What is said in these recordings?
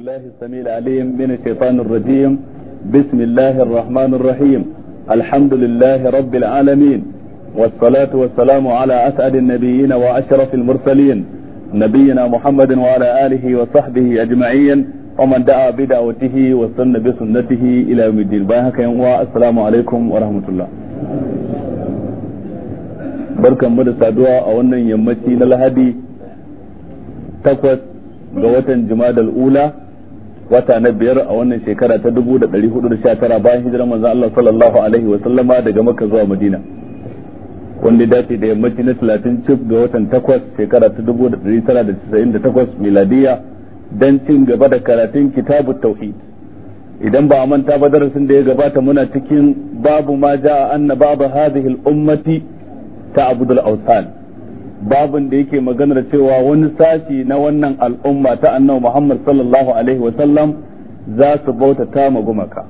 الله السميع العليم من الشيطان الرجيم بسم الله الرحمن الرحيم الحمد لله رب العالمين والصلاة والسلام على أسعد النبيين وأشرف المرسلين نبينا محمد وعلى آله وصحبه أجمعين ومن دعا بدعوته وسن بسنته إلى يوم الدين باهك السلام عليكم ورحمة الله بركة مدى da أولا يمتين الهدي تقوى na lahadi الأولى wata na biyar a wannan shekara ta dubu da da hudu sha tara bayan hijirar manzon Allah sallallahu alaihi wa sallama daga Makka zuwa Madina wanda dace da yammaci na talatin cif ga watan takwas shekara ta dubu da da da tara 1998 miladiya don cin gaba da karatun kitabut tauhid idan ba a manta ba darasin da ya gabata muna cikin babu ma ja'a anna babu hadhihi al-ummati ta abudul awsan babin da yake maganar cewa wani sashi na wannan al'umma ta annabi Muhammad sallallahu alaihi wa sallam za su bautata ma gumaka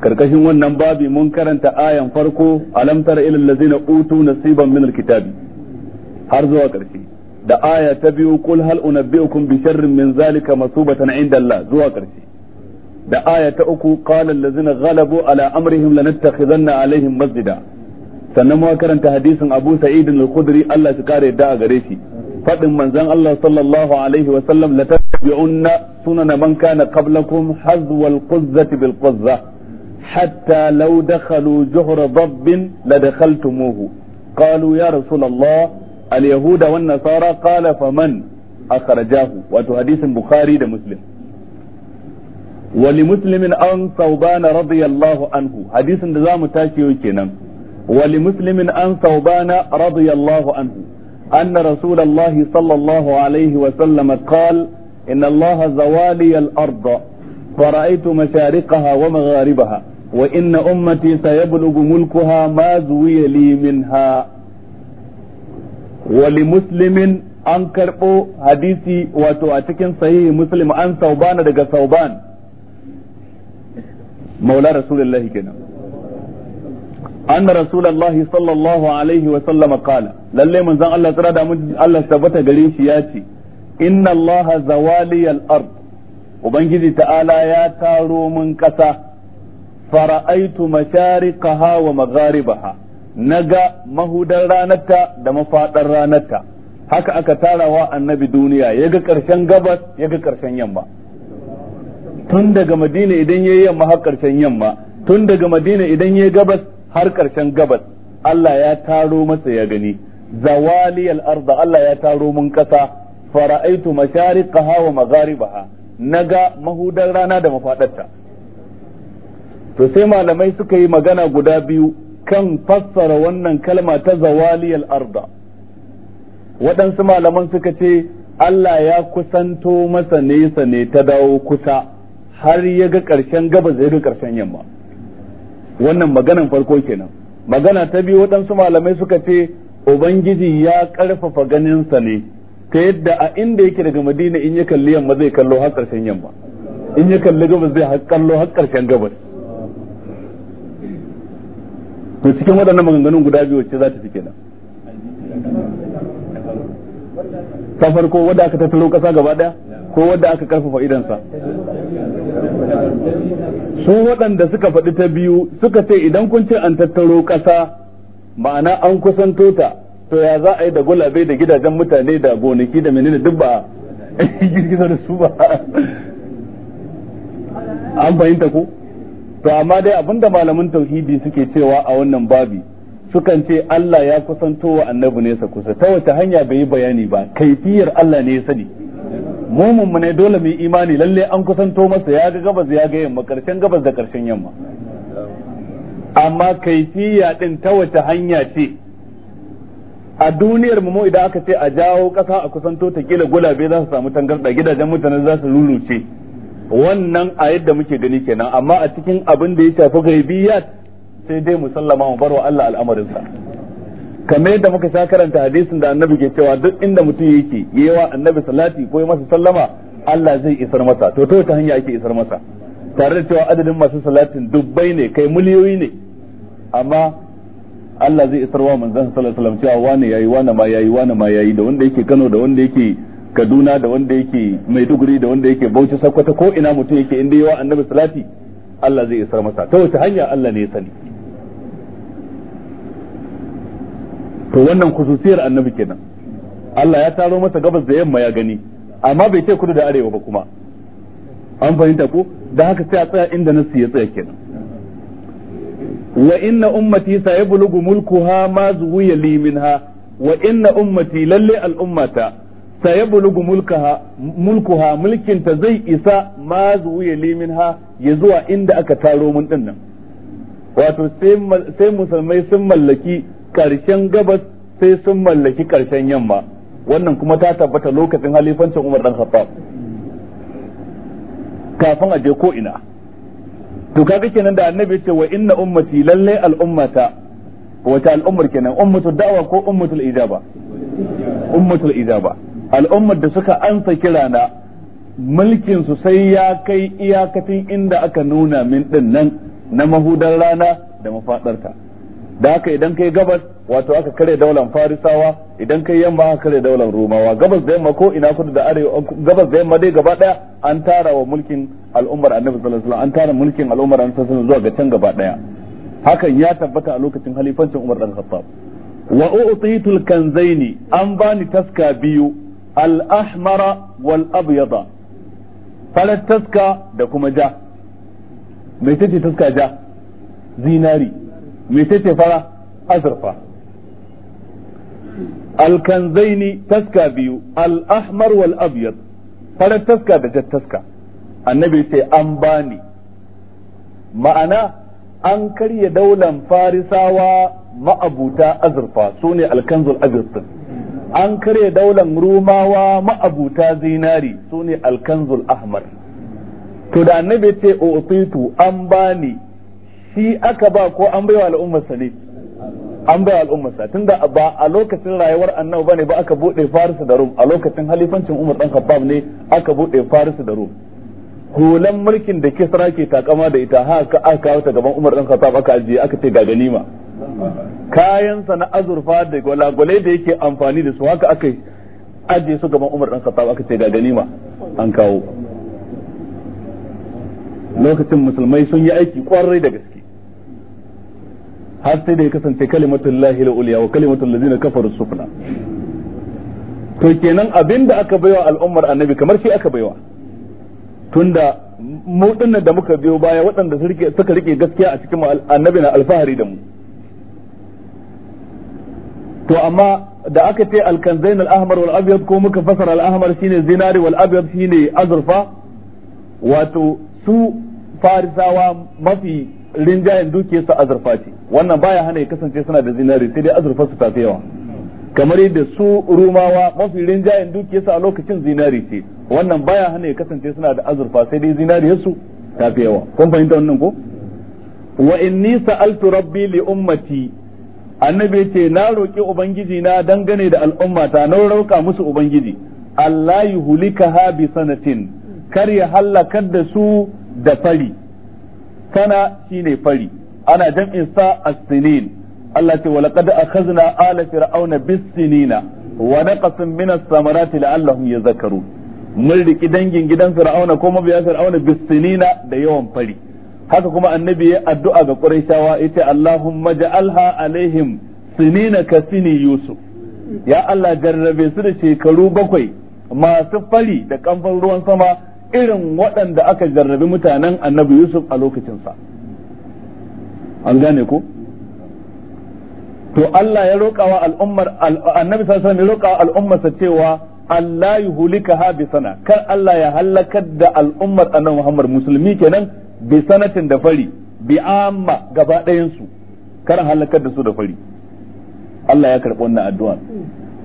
karkashin wannan babi mun karanta ayan farko alam tara ilal ladzina utu nasiban min kitabi har zuwa karshe da aya ta biyu kul hal unabbiukum bi sharrin min zalika masubatan inda Allah zuwa karshe da aya ta uku qala allazina ghalabu ala amrihim lanattakhidanna alaihim masjida sannan muka karanta hadisin Abu Sa'id al-Khudri Allah ya kare da a gare shi fadin manzon Allah sallallahu alaihi wa sallam la tabi'unna sunana man kana qablakum hazwal quzzati bil quzza hatta law dakhalu juhra dabbin la dakhaltumuhu qalu ya rasul Allah al yahuda wan nasara qala faman akhrajahu wato hadisin Bukhari da Muslim ولمسلم عن ثوبان رضي الله عنه حديث ده yau تاشيو kenan ولمسلم عن ثوبان رضي الله عنه أن رسول الله صلى الله عليه وسلم قال إن الله زوالي الأرض فرأيت مشارقها ومغاربها وإن أمتي سيبلغ ملكها ما زوي لي منها ولمسلم an karɓo hadisi wato a cikin sahihi muslim an saubana daga sauban maula rasulullahi kenan anna rasulullahi sallallahu alaihi wa sallama qala lalle manzon da Allah tabbata gare shi ya ce inna Allah zawali al-ard ubangiji ta'ala ya taro mun kasa fara'aitu mashariqaha wa magharibaha naga mahudar ranarta da mafadar ranarta haka aka tarawa annabi har karshen gabas Allah ya taro masa ya gani zawali al Allah ya taro mun kasa fara'aitu mashariqaha wa magharibaha naga mahudan rana da mafadarta to sai malamai suka yi magana guda biyu kan fassara wannan kalma ta zawali al-ardh waɗansu malaman suka ce Allah ya kusanto masa nesa ne ta dawo kusa har ya ga ƙarshen gabas ya ga ƙarshen yamma wannan maganan farko kenan magana ta biyu waɗansu malamai suka ce ubangiji ya ƙarfafa ganinsa ne ta yadda a inda yake daga madina in ya kalli yamma zai kallo har ƙarshen yamma in ya kalli gabas zai kallo har ƙarshen gabas to cikin waɗannan maganganun guda biyu wacce za ta fi kenan ta farko wadda aka tattaro ƙasa gaba ɗaya ko wanda aka karfafa sa su waɗanda suka faɗi ta biyu suka ce idan kun ce an tattaro ƙasa ma'ana an kusanto ta to ya za a yi da gulabe da gidajen mutane da gonaki da menene duk ba girgiza da su ba an fahimta ko to amma dai abinda malamin tauhidi suke cewa a wannan babi sukan ce Allah ya kusantowa wa annabi nesa kusa ta wata hanya bai yi bayani ba kaifiyar Allah ne ya sani mu ne dole mu yi imani lalle an kusanto masa ya ga gabas ya ga yamma karshen gabas da karshen yamma amma kaifiya din ta wace hanya ce a duniyar mu idan aka ce a jawo kasa a kusanto ta kila gulabe za su samu tangarda gidajen mutane za su luluce wannan a yadda muke gani kenan amma a cikin abin da ya shafi gaibiyat sai dai musallama mu barwa Allah al'amarinsa kamar yadda muka sha karanta hadisin da annabi ke cewa duk inda mutum yake yawa annabi salati ko masa sallama Allah zai isar masa to to ta hanya ake isar masa tare da cewa adadin masu salatin dubbai ne kai miliyoyi ne amma Allah zai isar wa manzon sallallahu alaihi wasallam cewa wani yayi wani ma yayi wani ma yayi da wanda yake Kano da wanda yake Kaduna da wanda yake Maiduguri da wanda yake Bauchi Sokoto ko ina mutum yake inda yawa annabi salati Allah zai isar masa ta wace hanya Allah ne ya sani to wannan kususiyar annabi kenan Allah ya taro masa gabas da yamma ya gani amma bai ce kudu da arewa ba kuma an fahimta ko da haka sai a tsaya inda nasu ya tsaya kenan wa inna ummati sayablughu mulkuha ma zuwiya li minha wa inna ummati lalle al'ummata sayablughu mulkaha mulkuha mulkin ta zai isa ma zuwiya li minha ya zuwa inda aka taro mun dinnan wato sai musulmai sun mallaki karshen gabas sai sun mallaki karshen yamma wannan kuma ta tabbata lokacin halifancin Umar dan Khattab kafin a je ko ina to kaga kenan da annabi ce wa inna ummati lalle al'ummata wata al'ummar kenan ummatul da'wa ko ummatul ijaba ummatul ijaba al'ummar da suka ansa kirana mulkin su sai ya kai iyakacin inda aka nuna min din nan na mahudar rana da mafadarta da haka idan kai gabas wato aka kare daular farisawa idan kai yamma aka kare daular romawa gabas da yamma ko ina kudu da arewa gabas da yamma dai gaba daya an tara wa mulkin al'ummar annabi sallallahu alaihi wasallam an tara mulkin al'ummar annabi sallallahu alaihi wasallam zuwa ga can gaba daya hakan ya tabbata a lokacin halifancin umar dan khattab wa u'titul kanzaini an bani taska biyu al-ahmara wal abyada falat taska da kuma ja me tace taska ja zinari mecece fara azurfa alkanzaini taska biyu al-ahmar wal abyad farar taska da jar taska annabi an bani ma'ana an karya daular farisawa ma'abuta azurfa su ne alkanzul azurfin an karya daular rumawa ma'abuta zinari su ne alkanzul ahmar to da annabi ce utitu an bani shi aka ba ko an baiwa al'ummarsa ne an baiwa al'ummarsa tunda ba a lokacin rayuwar annabi bane ba aka bude farisu da rum a lokacin halifancin umar dan khattab ne aka bude farisu da rum hulan mulkin da kisra ke takama da ita haka aka kawo ta gaban umar dan khattab aka ajiye aka ce ga ganima kayansa na azurfa da gwalagwalai da yake amfani da su haka aka ajiye su gaban umar dan khattab aka ce ga ganima an kawo lokacin musulmai sun yi aiki kwarai da gaske har sai da ya kasance kalimatun lahi al wa kalimatun lazina kafar sufla to kenan abinda aka baiwa al'ummar annabi kamar shi aka baiwa tunda mu dinnan da muka biyo baya waɗanda suka rike gaskiya a cikin annabi na alfahari da mu to amma da aka ce alkanzain al-ahmar wal abyad ko muka fasara al-ahmar shine zinari wal abyad shine azurfa wato su farisawa mafi rinjayen dukiyarsa azurfa ce wannan baya hana ya kasance suna da zinari sai dai azurfa su tafi yawa kamar yadda su rumawa mafi rinjayen dukiyarsa a lokacin zinari ce wannan baya hana ya kasance suna da azurfa sai dai zinari su tafi yawa kun fahimta wannan ko wa inni sa'altu rabbi li ummati annabi ce na roki ubangiji na dangane da al'ummata na roka musu ubangiji Allah yuhlikaha bi sanatin kar ya halakar da su da fari kana shine fari ana jam'in sa as-sinin Allah ce wa a akhadna ala fir'auna bis-sinina wa naqasin min as-samarati la'allahum yadhakkarun mun riki dangin gidan fir'auna ko mabiya fir'auna bis-sinina da yawan fari haka kuma annabi ya addu'a ga quraishawa yace Allahumma ja'alha alaihim sinina ka sini yusuf ya Allah jarrabe su da shekaru bakwai masu fari da kamfan ruwan sama irin waɗanda aka jarrabi mutanen annabi yusuf a lokacinsa an gane ko to Allah ya roƙawa al'ummar annabi sallallahu alaihi wasallam ya roƙawa al'ummarsa cewa Allah ya hulika ha bi sana kar Allah ya halakar da al'ummar annabi Muhammad musulmi kenan bi sanatin da fari bi amma gaba ɗayan su kar halakar da su da fari Allah ya karɓi wannan addu'a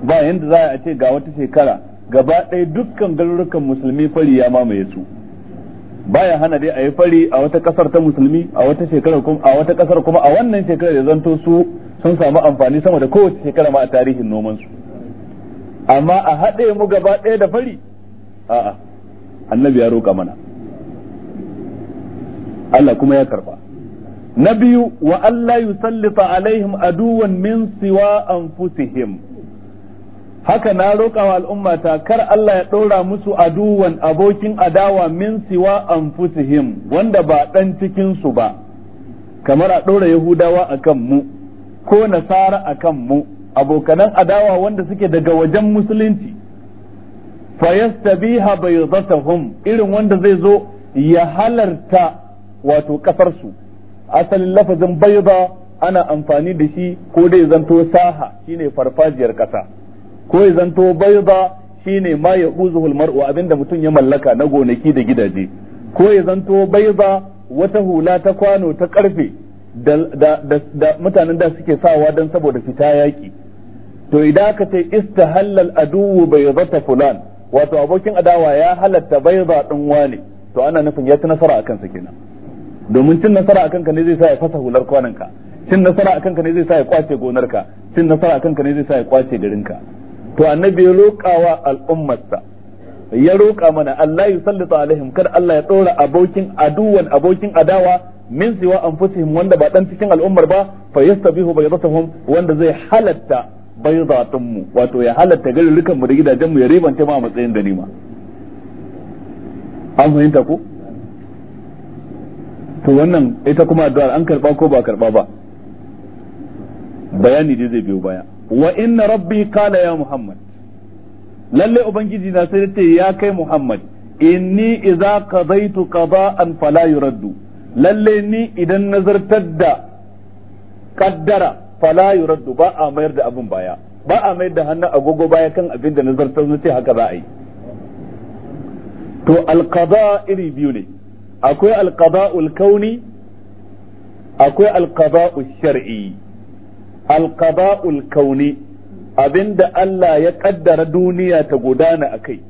ba yanda za a ce ga wata shekara gaba ɗaya dukkan garurukan musulmi fari ya mamaye su baya hana dai a yi fari a wata kasar ta musulmi a wata shekara kuma a wata kasar kuma a wannan shekarar da zanto su sun samu amfani sama da kowace shekara ma a tarihin noman su amma a haɗe mu gaba ɗaya da fari a'a annabi ya roƙa mana Allah kuma ya karba na biyu wa Allah yusallita alaihim aduwan min siwa anfusihim haka na roƙa wa al'ummata kar Allah ya ɗora musu aduwan abokin adawa min siwa anfusihim wanda ba ɗan cikin su ba kamar a ɗora yahudawa kan mu ko nasara a kan mu abokanan adawa wanda suke daga wajen musulunci fayastabiha hum irin wanda zai zo ya halarta wato ƙasarsu asalin lafazin bai ana amfani da shi ko dai zanto saha shine farfajiyar kasa ko ya zanto bayda shine ma ya huzuhul mar'u abinda mutum ya mallaka na gonaki da gidaje ko ya zanto bayda wata hula ta kwano ta karfe da mutanen da suke sawa dan saboda fita yaki to idan aka ce istahallal aduwu baydata fulan wato abokin adawa ya halatta bayda din wane to ana nufin ya ci nasara akan sa kenan domin cin nasara akan ka ne zai sa ya fasa hular ka cin nasara akan ka ne zai sa ya kwace gonarka cin nasara akan ka ne zai sa ya kwace garinka to annabi ya roƙawa al'ummarsa ya roƙa mana Allah ya sallata alaihim kar Allah ya ɗora abokin aduwan abokin adawa min siwa anfusihim wanda ba dan cikin al'ummar ba fa yastabihu baydatuhum wanda zai halatta baydatun mu wato ya halatta garurukan mu da gidajen mu ya ribanta ma a matsayin nima an fahimta ko to wannan ita kuma addu'ar an karba ko ba karba ba bayani dai zai biyo baya wa inna rabbi kala ya muhammad lalle ubangiji na sai ce ya kai muhammad inni idza qadaitu qada'an fala yuraddu lalle ni idan nazartar da kaddara fala yuraddu ba a mayar da abin baya ba a mayar da hannun agogo baya kan abin da nazartar ce haka za a yi to alqada iri biyu ne akwai alqada'ul kauni akwai alqada'ul shar'i alqada'ul kauni abinda Allah ya kaddara duniya ta gudana akai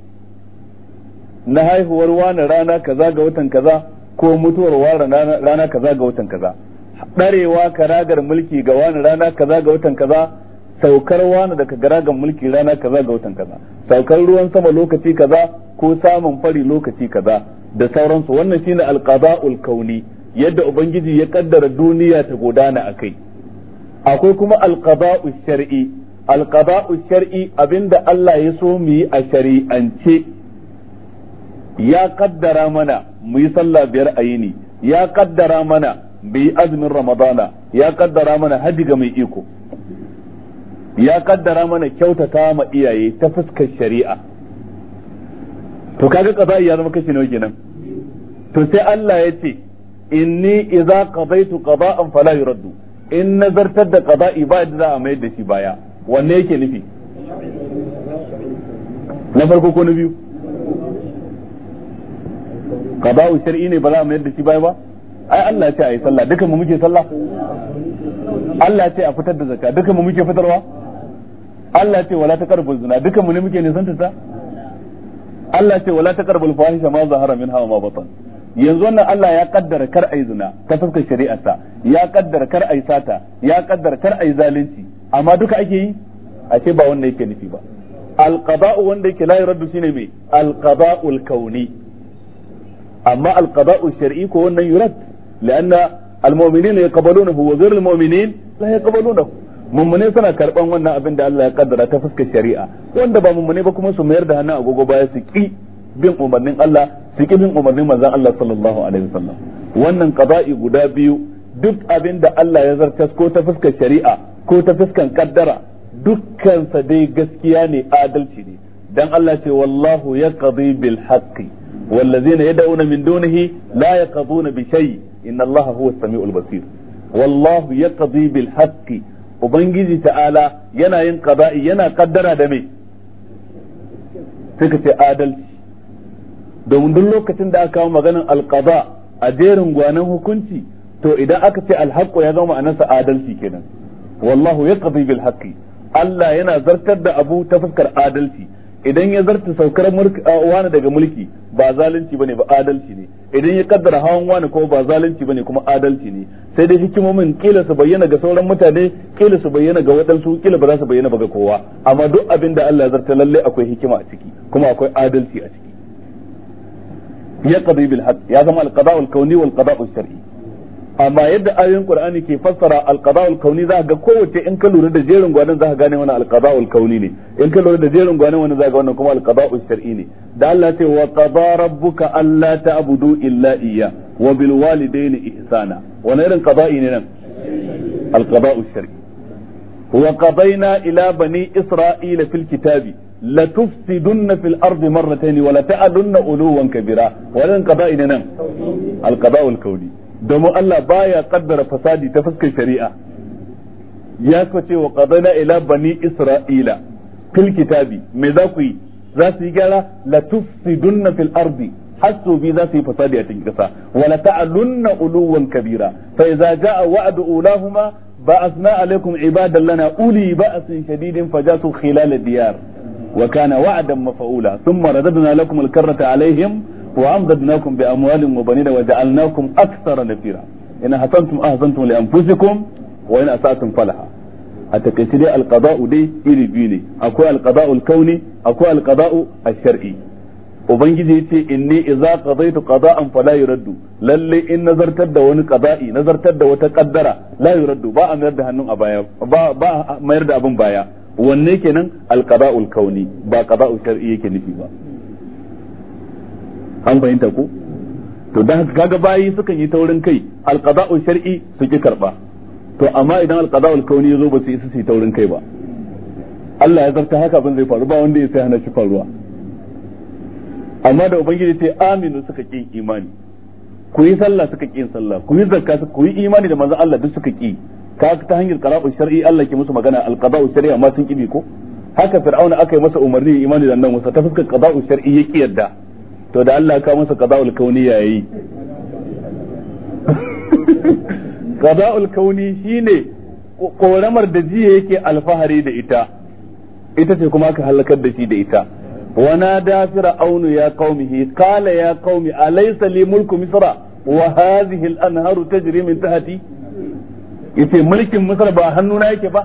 na haihuwar wani rana kaza ga watan kaza ko mutuwar wani rana kaza ga watan kaza ɗarewa karagar mulki ga wani rana kaza ga watan kaza saukar wani daga karagar mulki rana kaza ga watan kaza saukar ruwan sama lokaci kaza ko samun fari lokaci kaza da sauransu wannan shine alqada'ul kauni yadda ubangiji ya kaddara duniya ta gudana akai akwai kuma alqaba'u shar'i alqaba'u shar'i abinda Allah ya so mu yi a shari'ance ya kaddara mana mu yi sallah biyar a yini ya kaddara mana mu yi azumin ramadana ya kaddara mana haji ga mai iko ya kaddara mana kyautata ma iyaye ta fuskar shari'a to kaga qada'i ya zama kashi nawa kenan to sai Allah ya ce inni idza qadaytu qada'an fala yuraddu in nazartar da qada'i ba yadda za a mayar da shi baya wanne yake nufi na farko ko na biyu qada'u shar'i ne ba za a mayar da shi baya ba ai Allah ce a yi sallah dukan mu muke sallah Allah ce a fitar da zakka dukan mu muke fitarwa Allah ce wala taqrabu zina dukan mu ne muke nisanta ta Allah ce wala ta al-fahisha ma zahara minha wa ma batan yanzu wannan Allah ya kaddara kar ai zina ta fuskar shari'arsa ya kaddara kar ai sata ya kaddara kar ai zalunci amma duka ake yi a ce ba wanda yake nufi ba alqada'u wanda yake layi raddu shine me alqada'ul kauni amma alqada'u shar'i ko wannan yurad lanna almu'minina yaqbalunahu wa ghayrul mu'minin la yaqbalunahu mummune suna karban wannan abin da Allah ya kaddara ta fuskar shari'a wanda ba mummune ba kuma su mayar da hannu agogo baya su ki bin umarnin Allah cikin yin umarnin manzan Allah sallallahu Alaihi wasallam wannan qada'i guda biyu duk abin da Allah ya zartas ko ta fuskar shari'a ko ta fuskar kaddara dukkansa dai gaskiya ne adalci ne dan Allah ce wallahu ya qadi bil haqqi wallazina yad'una min dunihi la yaqaduna bi shay inna Allah huwa as-sami'ul basir wallahu ya qadi bil ubangiji ta'ala yana yin qada'i yana kaddara da mai sai ka ce adalci domin duk lokacin da aka kawo maganar alqada a jerin gwanan hukunci to idan aka ce alhaqqu ya zama ma'anarsa adalci kenan wallahu yaqdi bil haqqi Allah yana zartar da abu ta fuskar adalci idan ya zarta saukar wani daga mulki ba zalunci bane ba adalci ne idan ya kaddara hawan wani ko ba zalunci bane kuma adalci ne sai dai hikimomin kila su bayyana ga sauran mutane kila su bayyana ga waɗansu kila ba za su bayyana ba ga kowa amma duk abin da Allah ya zarta lalle akwai hikima a ciki kuma akwai adalci a ciki yaqdi bil haqq ya zama al qada' al kauni wal qada' al shar'i amma yadda ayoyin qur'ani ke fassara al qada' al kauni za ga kowace in ka lura da jerin gwanin za ka gane wannan al qada' al kauni ne in ka lura da jerin gwanin wannan za ga wannan kuma al qada' al shar'i ne da Allah ce wa qada rabbuka alla ta'budu illa iyya wa bil walidayni ihsana wannan irin qada'i ne nan al qada' al shar'i wa qadayna ila bani isra'ila fil kitabi la tufsidunna fil ardi marratayn wa la ta'adunna uluwan kabira wannan qada'i ne nan al qada'u al kauni domin Allah baya kaddara fasadi ta fuskar shari'a ya ka ce wa qadana ila bani isra'ila fil kitabi me za ku yi za su yi gyara la tufsidunna fil ardi hasu za su yi fasadi a cikin kasa wa la ta'alunna uluwan kabira fa idza jaa wa'du ulahuma ba'athna alaikum lana uli ba'sin shadidin su khilal diyar وكان وعدا مفعولا ثم رددنا لكم الكرة عليهم وأمددناكم بأموال وبنين وجعلناكم أكثر نفيرا إن حسنتم أحسنتم لأنفسكم وإن أسأتم فلحا حتى كسيدي القضاء دي إلي بيني أكو القضاء الكوني أكو القضاء الشرعي وبنجي إني إذا قضيت قضاء فلا يرد للي إن نظرت دون قضائي نظرت وتقدر لا يرد با أمرد هنو أبايا با, با ما يرد أبن بايا wanne kenan alqada'ul kauni ba qada'ul shar'i yake nufi ba an fahimta ko to dan kaga bayi sukan yi taurin kai alqada'ul shar'i su ki karba to amma idan alqada'ul kauni yazo ba su isa su yi taurin kai ba Allah ya zarta haka ban zai faru ba wanda ya sai hana shi faruwa amma da ubangiji ce aminu suka ki imani ku yi sallah suka ki sallah ku yi zakka ku yi imani da manzon Allah duk suka ki ka ta hanyar qara'u shar'i Allah ke musu magana alqada'u shar'i amma sun kibi ko haka fir'auna aka yi masa umarni imani da nan wasa ta fuskar qada'u shar'i ya ki yadda to da Allah ka masa qada'ul kauni yayi qada'ul kauni shine koramar da jiya yake alfahari da ita ita ce kuma aka halakar da shi da ita ونادى فرعون يا ya قال يا قوم أليس لي ملك مصر وهذه الأنهار تجري من تحتي yace mulkin Misra ba hannuna yake ba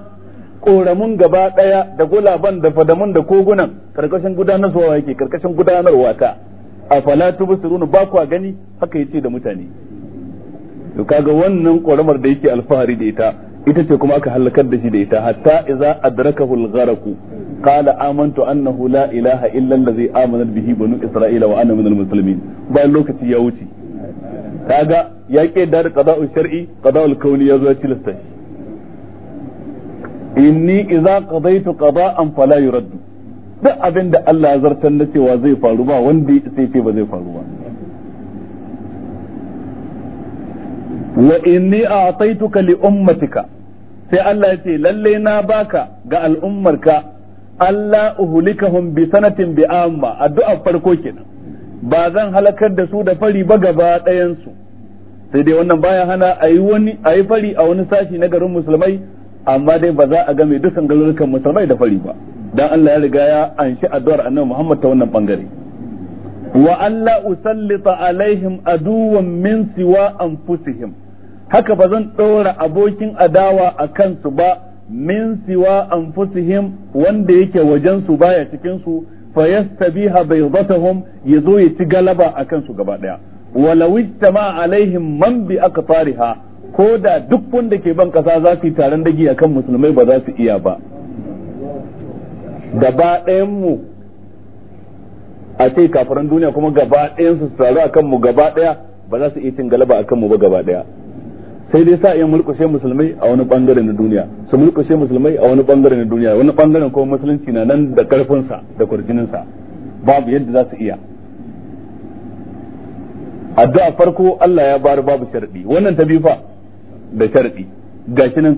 koramun gaba daya da gulaban da fadamun da kogunan karkashin gudanarwa yake karkashin gudanarwa ta afala tubsiruna ba kwa gani haka yace da mutane to kaga wannan koramar da yake alfahari da ita ita ce kuma aka halakar da shi da ita hatta idza adrakahu al-gharqu qala amantu annahu la ilaha illa allazi amana bihi banu isra'ila wa ana minal muslimin bayan lokaci ya wuce kaga ya ke da qada'u shar'i qada'ul kauni ya zo ya tilasta shi inni idza qadaytu qada'an fala yuraddu duk abin da Allah ya zartar na cewa zai faru ba wanda sai ce ba zai faru ba wa inni a'taytuka li ummatika sai Allah ya ce lalle na baka ga al'ummarka Allah uhulikahum bi sanatin bi amma addu'a farko kenan ba zan halakar da su da fari ba gaba ɗayansu sai dai wannan baya hana a yi wani a yi fari a wani sashi na garin musulmai amma dai ba za a mai dukkan garurukan musulmai da fari ba dan Allah ya riga ya anshi addu'ar annabi Muhammad ta wannan bangare wa alla usallita alaihim aduwan min siwa anfusihim haka ba zan ɗora abokin adawa a kansu ba min siwa anfusihim wanda yake wajen su baya cikin su fa yastabiha baydatahum yazo ya ci galaba akan su gaba daya walaw ijtama alaihim man bi aqtariha ko da duk wanda ke ban kasa za su taron dagi akan musulmai ba za su iya ba gaba ɗayan mu a ce kafiran duniya kuma gaba ɗayan su taru akan mu gaba ɗaya ba za su iya cin galaba akan mu ba gaba ɗaya sai dai sa iya mulkushe musulmai a wani bangare na duniya su mulkushe musulmai a wani bangare na duniya wani bangaren kuma musulunci na nan da karfinsa da kurjininsa babu yadda za su iya addu'a farko Allah ya bar babu sharadi wannan ta bifa da sharadi gashi nan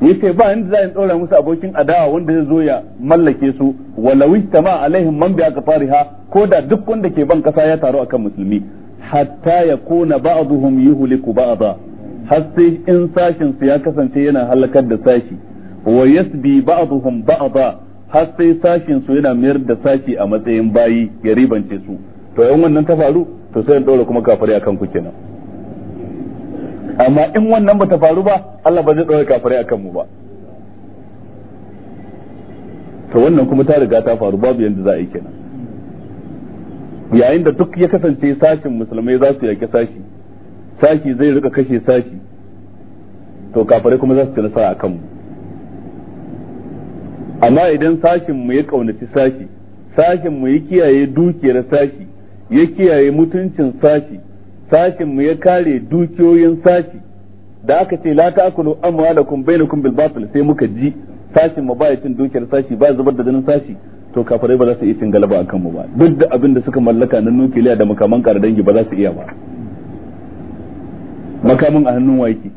yace ba inda za in dora musu abokin adawa wanda zai zo ya mallake su walau istama alaihim man bi fariha ko da duk wanda ke ban kasa ya taru akan musulmi hatta yakuna ba'dhum yuhliku ba'dha har sai in sashin su ya kasance yana halakar da sashi wa yasbi ba'dhum ba'dha har sai sashin su yana mayar da sashi a matsayin bayi ya ribance su to in wannan ta faru to sai dole kuma kafare akan ku kenan amma in wannan ba ta faru ba Allah ba zai dole kafare akan mu ba to wannan kuma ta riga ta faru babu yanda za a yi kenan yayin da duk ya kasance sashin musulmai za su yaki sashi sashi zai rika kashe sashi to kafare kuma za su ci nasara a kanmu amma idan sashin mu ya kaunaci sashi sashin mu ya kiyaye dukiyar sashi ya kiyaye mutuncin sashi sashin mu ya kare dukiyoyin sashi da aka ce la ta'kulu amwalakum bainakum bil batil sai muka ji sashin mu baya cin dukiyar sashi ba zubar da ganin sashi to kafare ba za su iya cin galaba akan mu ba duk da abin da suka mallaka na nukiliya da makaman kara dangi ba za su iya ba makamin a hannun waki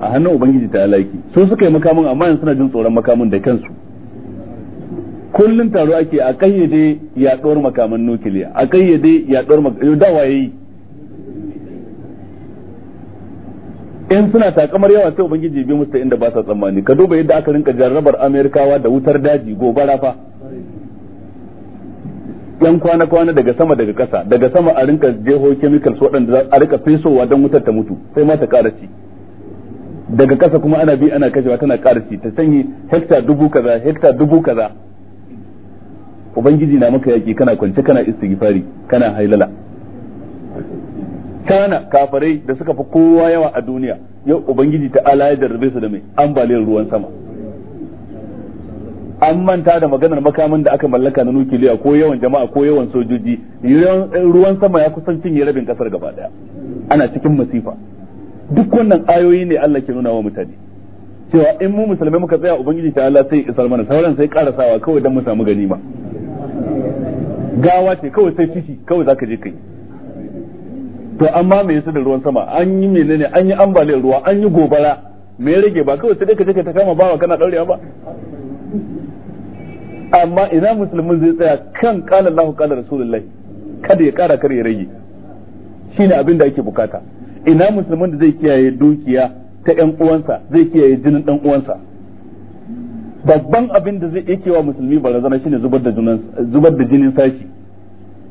a hannun ubangiji ta alaki so suka yi makamin amma yanzu suna jin tsoron makamin da kansu kullun taro ake a kayyade yaɗuwar makaman nukiliya a kayyade yaɗuwar makaman da waye in suna takamar yawa sai ubangiji bi musu inda ba sa tsammani ka duba yadda aka rinka jarrabar amerikawa da wutar daji gobara fa yan kwana kwana daga sama daga kasa daga sama a rinka jeho chemicals waɗanda a rinka fesowa don wutar ta mutu sai ma ta ƙara ci daga kasa kuma ana bi ana kashewa tana ƙara ci ta sanyi hekta dubu kaza hekta dubu kaza ubangiji na maka yaki kana kwance kana istighfari kana hailala kana kafarai da suka fi kowa yawa a duniya yau ubangiji ta ala ya jarrabe su da mai ambaliyar ruwan sama an manta da maganar makamin da aka mallaka na nukiliya ko yawan jama'a ko yawan sojoji eh, ruwan sama ya kusan cinye rabin kasar gaba daya ana cikin masifa duk wannan ayoyi ne Allah ke nuna wa mutane cewa in mu musulmai muka tsaya ubangiji ta Allah sai isar mana sauran sai karasawa kawai dan mu samu ganima gawa ce kawai sai fishi kawai zaka je kai to amma me yasa da ruwan sama an yi menene an yi ambaliyar ruwa an yi gobara me ya rage ba kawai sai dai ka je ka ta kama bawa kana daurewa ba amma ina musulmin zai tsaya kan kala Allahu kala rasulullah kada ya kara kar ya rage shine abin da ake bukata ina musulmin da zai kiyaye dukiya ta ƴan uwansa zai kiyaye jinin ɗan uwansa babban abin da zai yake wa musulmi barazana shine zubar da jinin zubar da jinin sashi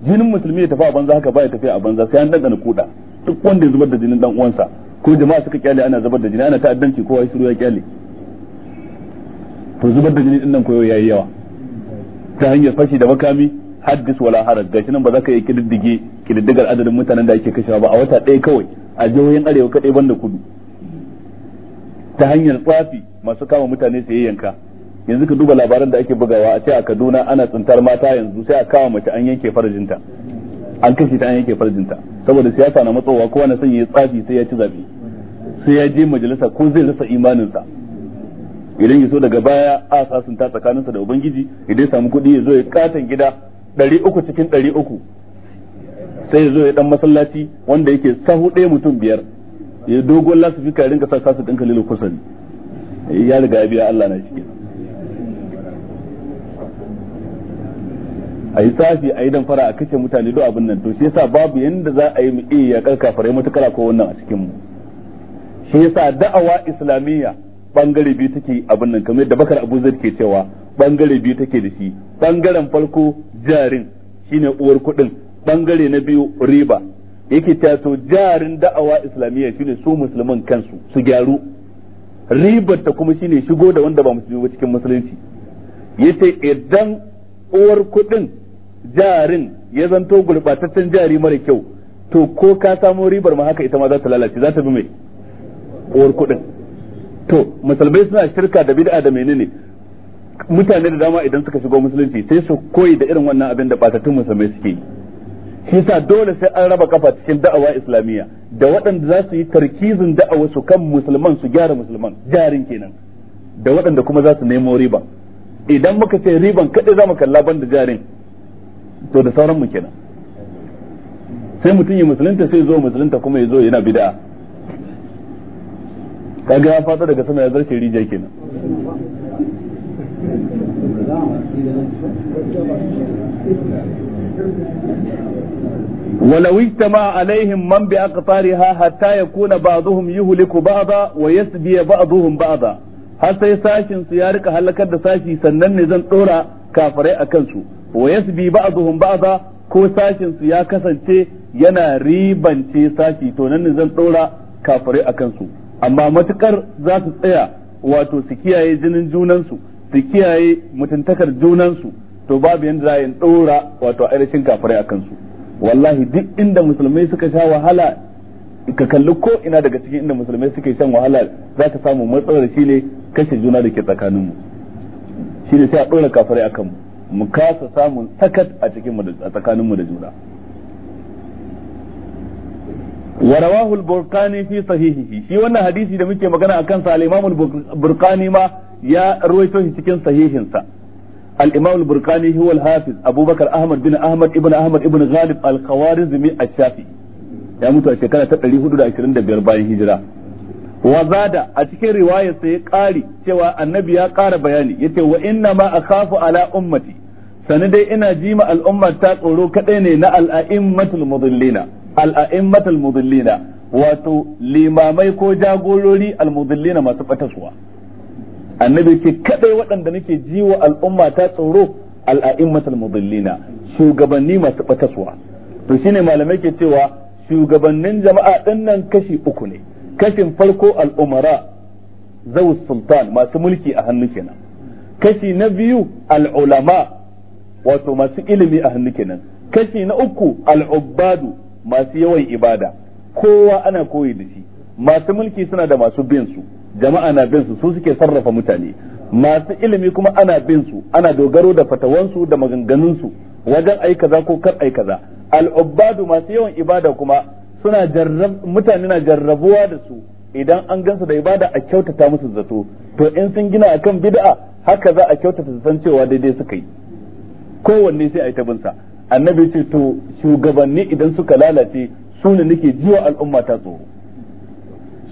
jinin musulmi ya tafi a banza haka baya tafi a banza sai an dangana kuda duk wanda ya zubar da jinin ɗan uwansa ko jama'a suka kyale ana zubar da jini ana ta'addanci kowa ya shiru ya kyale to zubar da jini din nan koyo yayi yawa ta hanyar fashi da makami haddis wala haraj gashi nan ba za ka yi kididdige kididdigar adadin mutanen da ake kashewa ba a wata ɗaya kawai a jihohin arewa kaɗai banda kudu ta hanyar tsafi masu kama mutane su yanka yanzu ka duba labaran da ake bugawa a ce a Kaduna ana tsintar mata yanzu sai a kama mace an yanke farjinta an kashe ta an yanke farjinta saboda siyasa na matsowa kowa na son ya tsafi sai ya ci zabi sai ya je majalisa ko zai rasa imanin sa. idan ya so daga baya a sasun ta tsakaninsa da ubangiji idan ya samu kuɗi ya zo ya katon gida ɗari uku cikin ɗari uku sai ya zo ya dan masallaci wanda yake sahu ɗaya mutum biyar ya dogon lasifika ya rinka sa sasu ɗinka kalilu kusan ya riga ya biya Allah na shi a yi tsafi a yi damfara a kashe mutane duk abin nan to shi yasa babu yanda za a yi mu iya yakar rai matukar ko wannan a cikin mu shi yasa da'awa islamiyya bangare biyu take abin nan kamar yadda bakar abu zai ke cewa bangare biyu take da shi bangaren farko jarin shine uwar kuɗin bangare na biyu riba yake ta to jarin da'awa islamiyya shine su musulman kansu su gyaru ribar ta kuma shine shigo da wanda ba musulmi ba cikin musulunci yace idan uwar kuɗin jarin ya zanto gurbataccen jari mara kyau to ko ka samo ribar ma haka ita ma za ta lalace za ta bi mai uwar kuɗin to musulmai suna shirka da bid'a da menene mutane da dama idan suka shigo musulunci sai su koyi da irin wannan abin da batatun musulmai suke yi shi yasa dole sai an raba kafa cikin da'awa islamiyya da waɗanda za su yi tarkizin da'awa su kan musulman su gyara musulman jarin kenan da waɗanda kuma za su nemo riba idan muka ce riban kaɗai za mu kalla ban da jarin to da sauran mu kenan sai mutum ya musulunta sai zo musulunta kuma ya zo yana bid'a kaga ya fata daga sama ya zarce rijiya kenan ولو اجتمع عليهم من بأقطارها حتى يكون بعضهم يهلك بعضا ويسبي بعضهم بعضا har sai sashin su ya rika halakar da sashi sannan ne zan dora kafirai a kansu wa yasbi ba'dhum ba'dha ko sashin su ya kasance yana ribance sashi to nan zan a kansu amma matukar za su tsaya wato su kiyaye jinin junansu su kiyaye mutuntakar junansu to babu yadda za yin ɗora wato ainihin kafirai a kansu. wallahi duk inda musulmai suka sha wahala ka kalli ko ina daga cikin inda musulmai suke shan wahala za ka samu matsalar shi ne kashe juna da ke tsakaninmu shi ne sai a ɗora kafirai a kanmu mu kasa samun sakat a cikin a tsakaninmu da juna wa rawahu al-burqani fi sahihihi shi wannan hadisi da muke magana akan sa al-imam al ma ya ruwaito cikin sahihinsa sa al-imam al hafiz abubakar ahmad bin ahmad ibn ahmad ibn ghalib al-khawarizmi shafi ya mutu a shekara ta ɗari 425 bayan hijira wa zada a cikin riwayar sa ya kari cewa annabi ya kara bayani yace wa inna ma akhafu ala ummati sani dai ina jima al'ummar ta tsoro kadai ne na al'a'immatul mudillina al al wato limamai ko jagorori al-mudillina masu bataswa annabi ce kadai waɗanda nake ji al'umma ta tsoro al-a'immat al shugabanni masu bataswa to shine malamai ke cewa shugabannin jama'a dinnan kashi uku ne kashin farko al-umara sultan masu mulki a hannu kenan kashi na biyu al-ulama wato masu ilimi a hannu kenan kashi na uku al'ubbadu masu yawan ibada kowa ana koyi da shi masu mulki suna da masu bin su jama'a na bin su su suke sarrafa mutane masu ilimi kuma ana bin su ana dogaro da fatawansu da maganganun su wajen ai kaza ko kar ai kaza al'ubbadu masu yawan ibada kuma suna jarrab mutane na jarrabuwa da su idan an gansu da ibada a kyautata musu zato to in sun gina akan bid'a haka za a kyautata san cewa daidai suka yi kowanne sai a yi tabinsa annabi ce to shugabanni idan suka lalace su ne nake jiwa al'umma ta tsoro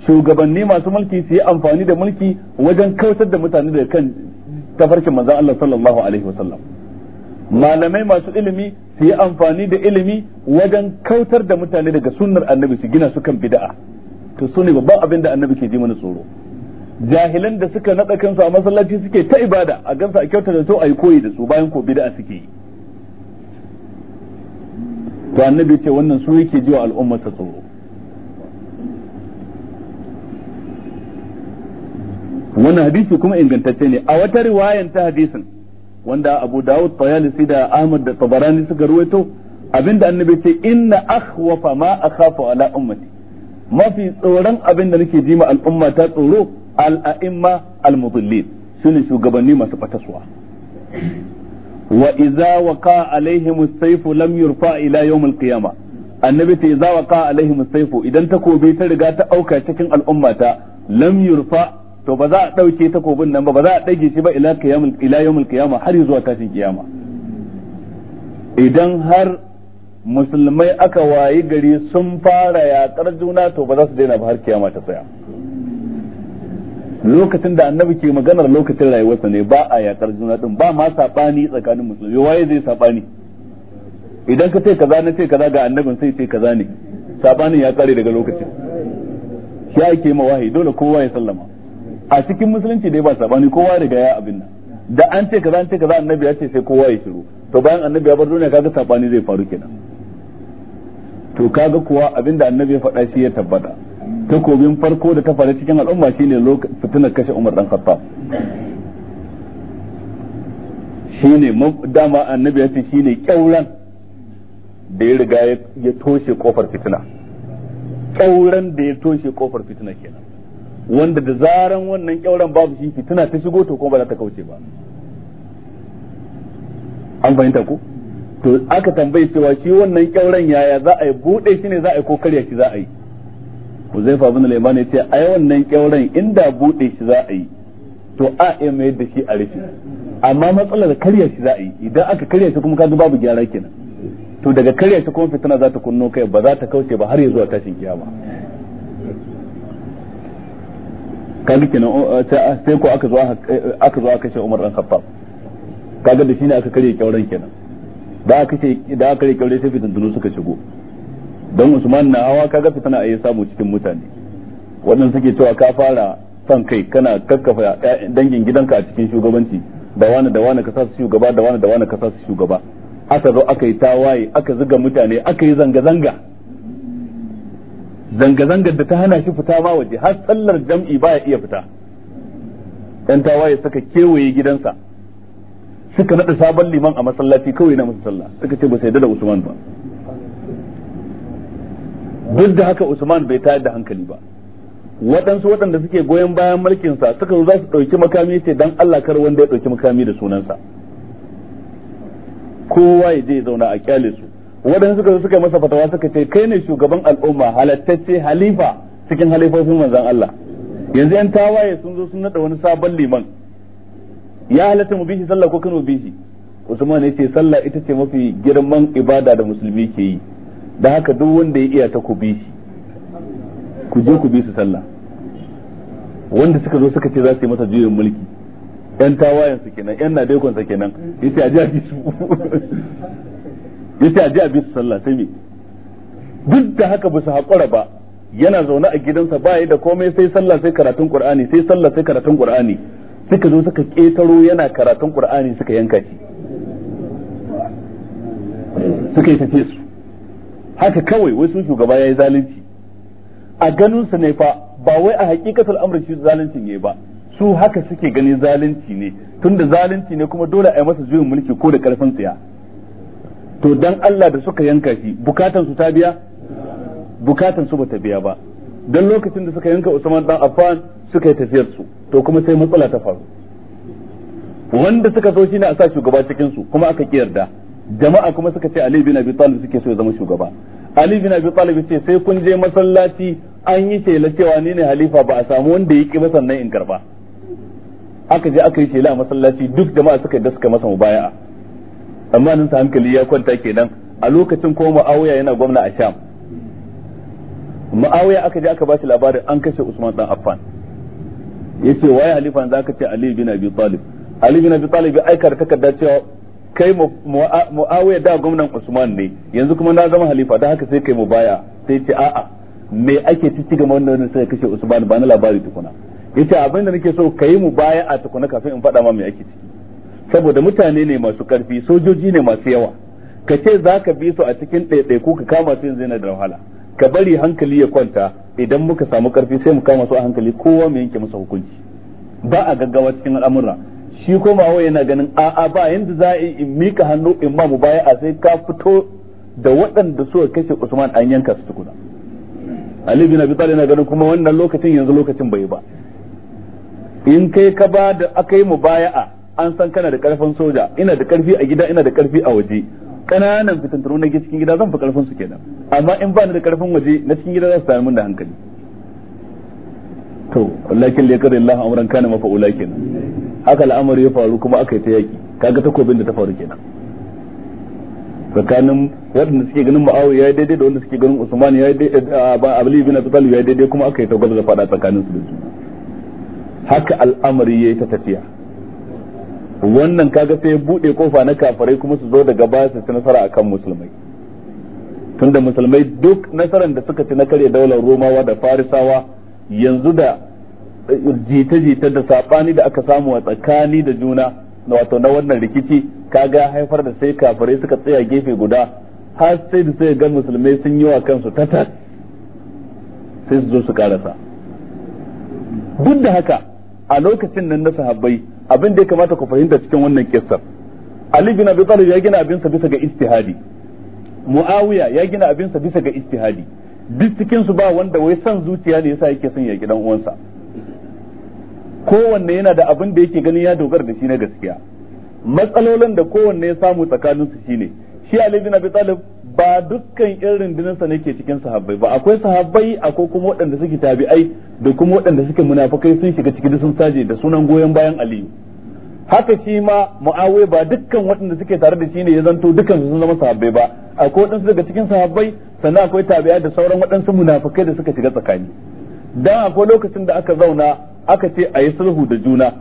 shugabanni masu mulki su yi amfani da mulki wajen kautar da mutane daga kan tafarkin manzan Allah sallallahu alaihi wasallam malamai masu ilimi su yi amfani da ilimi wajen kautar da mutane daga sunnar annabi su gina su kan bid'a to su ne babban abin da annabi ke ji mana tsoro jahilan da suka naɗa kansu a masallaci suke ta ibada a gansa a kyauta da su a yi koyi da su bayan ko bid'a suke yi to annabi ce wannan su yake jiwa al'umma ta tsoro wannan hadisi kuma ingantacce ne a wata riwayan ta hadisin wanda Abu Dawud Tayalisi da Ahmad da Tabarani suka ruwaito abinda annabi ce inna akhwafa ma akhafu ala ummati mafi tsoron abinda nake ji ma al'umma ta tsoro al-a'imma al-mudallin shugabanni masu fatasuwa wa idza waqa alaihim as-sayfu lam yurfa ila yawm al-qiyama annabi ta idza waqa alaihim as-sayfu idan takobi ta riga ta auka cikin al'ummata lam yurfa to ba za a dauke takobin nan ba ba za a dage shi ba ila qiyamul ila yawmul qiyama har zuwa tashin kiyama idan har musulmai aka wayi gari sun fara yaƙar juna to ba za su daina ba har kiyama ta tsaya lokacin da annabi ke maganar lokacin rayuwarsa ne ba a yakar juna din ba ma sabani tsakanin musulmi waye zai sabani idan ka ce kaza na ce kaza ga annabin sai ce kaza ne sabanin ya kare daga lokacin shi ake ma wahayi dole kowa ya sallama a cikin musulunci dai ba sabani kowa riga ya abin nan da an ce kaza an ce kaza annabi ya ce sai kowa ya shiru to bayan annabi ya bar duniya kaga sabani zai faru kenan to kaga kuwa abinda annabi ya faɗa shi ya tabbata takobin farko da ta faru cikin al'umma shine ne fitinar kashe Umar dan Khattab shine dama annabi ya ce shine kyauran da ya riga ya toshe kofar fitina kyauran da ya toshe kofar fitina kenan wanda da zaran wannan kyauran babu shi fitina ta shigo to kuma ba za ta kauce ba an fahimta ko to aka tambaye cewa shi wannan kyauran yaya za a yi bude shi ne za a yi ko karya shi za a yi Huzaifa ibn Al-Yaman yace ai wannan kyauren inda bude shi za a yi to a iya mai da shi a rufe amma matsalar karya shi za a yi idan aka karya shi kuma kaga babu gyara kenan to daga karya shi kuma fitina za ta kunno kai ba za ta kauce ba har ya zuwa tashin kiyama kaga kenan uh, uh, sai ko aka zo uh, aka zo aka kashe Umar dan Khattab kaga da shine aka karya kyauren kenan da aka ce da aka karya kyauren sai fitintunu suka shigo don usman na hawa kaga su tana yi samu cikin mutane wannan suke cewa ka fara son kai kana kakkafa dangin gidanka a cikin shugabanci da wani da wani ka sa su shugaba da wani da wani ka sa su shugaba aka zo aka yi tawaye aka zuga mutane aka yi zanga-zanga zanga-zangar da ta hana shi fita ma waje har sallar jam'i baya iya fita yan tawaye suka kewaye gidansa suka naɗa sabon liman a masallaci kawai na masa sallah suka ce ba sai da Usman ba duk da haka Usman bai tayar da hankali ba waɗansu waɗanda suke goyon bayan mulkinsa suka zo za su ɗauki makami sai dan Allah kar wanda ya ɗauki makami da sunansa kowa ya je zauna a kyale su waɗansu suka zo suka masa fatawa suka ce kai ne shugaban al'umma halattacce halifa cikin halifofin manzon Allah yanzu yan tawaye sun zo sun nada wani sabon liman ya halatta mu bishi sallah ko kano bishi Usman ya ce sallah ita ce mafi girman ibada da musulmi ke yi da haka duk wanda ya iya ta ku bi shi ku je ku bi su sallah wanda suka zo suka ce za su yi masa juyin mulki yan tawayen su kenan yan nadekon sa kenan yace a ji a bi su yace a ji a bi su sallah sai me duk da haka ba su haƙura ba yana zaune a gidansa ba yi da komai sai sallah sai karatun qur'ani sai sallah sai karatun qur'ani suka zo suka ƙetaro yana karatun qur'ani suka yanka shi suka yi tafiye su haka kawai wai sun shugaba ya yi zalunci a ganin sa ne fa ba wai a hakikatar amurka shi zaluncin ba su haka suke ganin zalunci ne tunda zalunci ne kuma dole a yi masa juyin mulki ko da karfin tsaya to dan Allah da suka yanka shi bukatan su ta biya bukatan su bata biya ba dan lokacin da suka yanka Usman dan Affan suka yi tafiyar su to kuma sai matsala ta faru wanda suka so shine a sa shugaba cikin su kuma aka ki yarda jama'a kuma suka ce Ali bin Abi Talib suke so ya zama shugaba Ali bin Abi Talib ce sai kun je masallaci an yi shela cewa ni ne halifa ba a samu wanda ya ba sannan in karba aka je aka yi shela a masallaci duk jama'a suka da suka masa mubaya'a amma nan sa hankali ya kwanta kenan a lokacin ko Muawiya yana gwamna a Sham Muawiya aka je aka ba shi labarin an kashe Usman dan Affan yace waye halifa yanzu zaka ce Ali bin Abi Talib Ali bin Abi Talib ya aika da takarda cewa kai mu'awiya da gwamnan usman ne yanzu kuma na zama halifa da haka sai kai mu baya sai ce a'a me ake cici ga wannan wanda sai kashe usman ba na labari tukuna yace abinda nake so ka yi mu baya a tukuna kafin in faɗa ma me ake ciki saboda mutane ne masu karfi sojoji ne masu yawa ka ce za ka bi su a cikin ko ka kama su yanzu yana da wahala ka bari hankali ya kwanta idan muka samu karfi sai mu kama su a hankali kowa mu yanke masa hukunci ba a gaggawa cikin al'amura shi ko ma'awo yana ganin a'a ba yanda za a yi in mika hannu in ma mu baya a sai ka fito da waɗanda suka kashe Usman an yanka su tukuna Ali bin Abi Talib yana ganin kuma wannan lokacin yanzu lokacin bai ba in kai ka ba da aka yi baya'a an san kana da karfin soja ina da karfi a gida ina da karfi a waje kananan fitintunu na cikin gida zan fi karfin su kenan amma in ba ni da karfin waje na cikin gida za su sami da hankali to lakin lekar Allah amran kana mafa'ula kenan haka al'amari ya faru kuma aka yi ta yaki kaga takobin da ta faru kenan tsakanin waɗanda suke ganin ma'awu ya daidai da wanda suke ganin Usman ya yi daidai abu Abdul bin Abi Talib ya daidai kuma aka yi ta gwada fada tsakanin su da juna haka al'amari yi ta tafiya wannan kaga sai buɗe kofa na kafirai kuma su zo daga baya su ci nasara kan musulmai tunda musulmai duk nasarar da suka ci na karya daular Romawa da Farisawa yanzu da jita-jita da sabani da aka samu a tsakani da juna na wato na wannan rikici kaga haifar da sai kafirai suka tsaya gefe guda har sai da sai ga musulmai sun yi wa kansu tatar sai su zo su karasa duk da haka a lokacin nan na sahabbai abin da ya kamata ku fahimta cikin wannan kissar Ali bin Abi Talib ya gina abinsa bisa ga ijtihadi Muawiya ya gina abinsa bisa ga ijtihadi duk cikin su ba wanda wai son zuciya ne yasa yake son ya gidan uwansa kowanne yana da abin da yake ganin ya dogara da shi na gaskiya matsalolin da kowanne ya samu tsakanin su shine shi Ali bin Abi Talib ba dukkan irin rundunarsa ne ke cikin sahabbai ba akwai sahabbai akwai kuma waɗanda suke tabi'ai da kuma waɗanda suke munafukai sun shiga cikin sun saje da sunan goyon bayan Aliyu haka shi ma Muawiya ba dukkan waɗanda suke tare da shi ne ya zanto dukkan sun zama sahabbai ba akwai waɗansu daga cikin sahabbai sannan akwai tabi'ai da sauran waɗansu munafukai da suka shiga tsakani dan akwai lokacin da aka zauna aka ce a yi sulhu da juna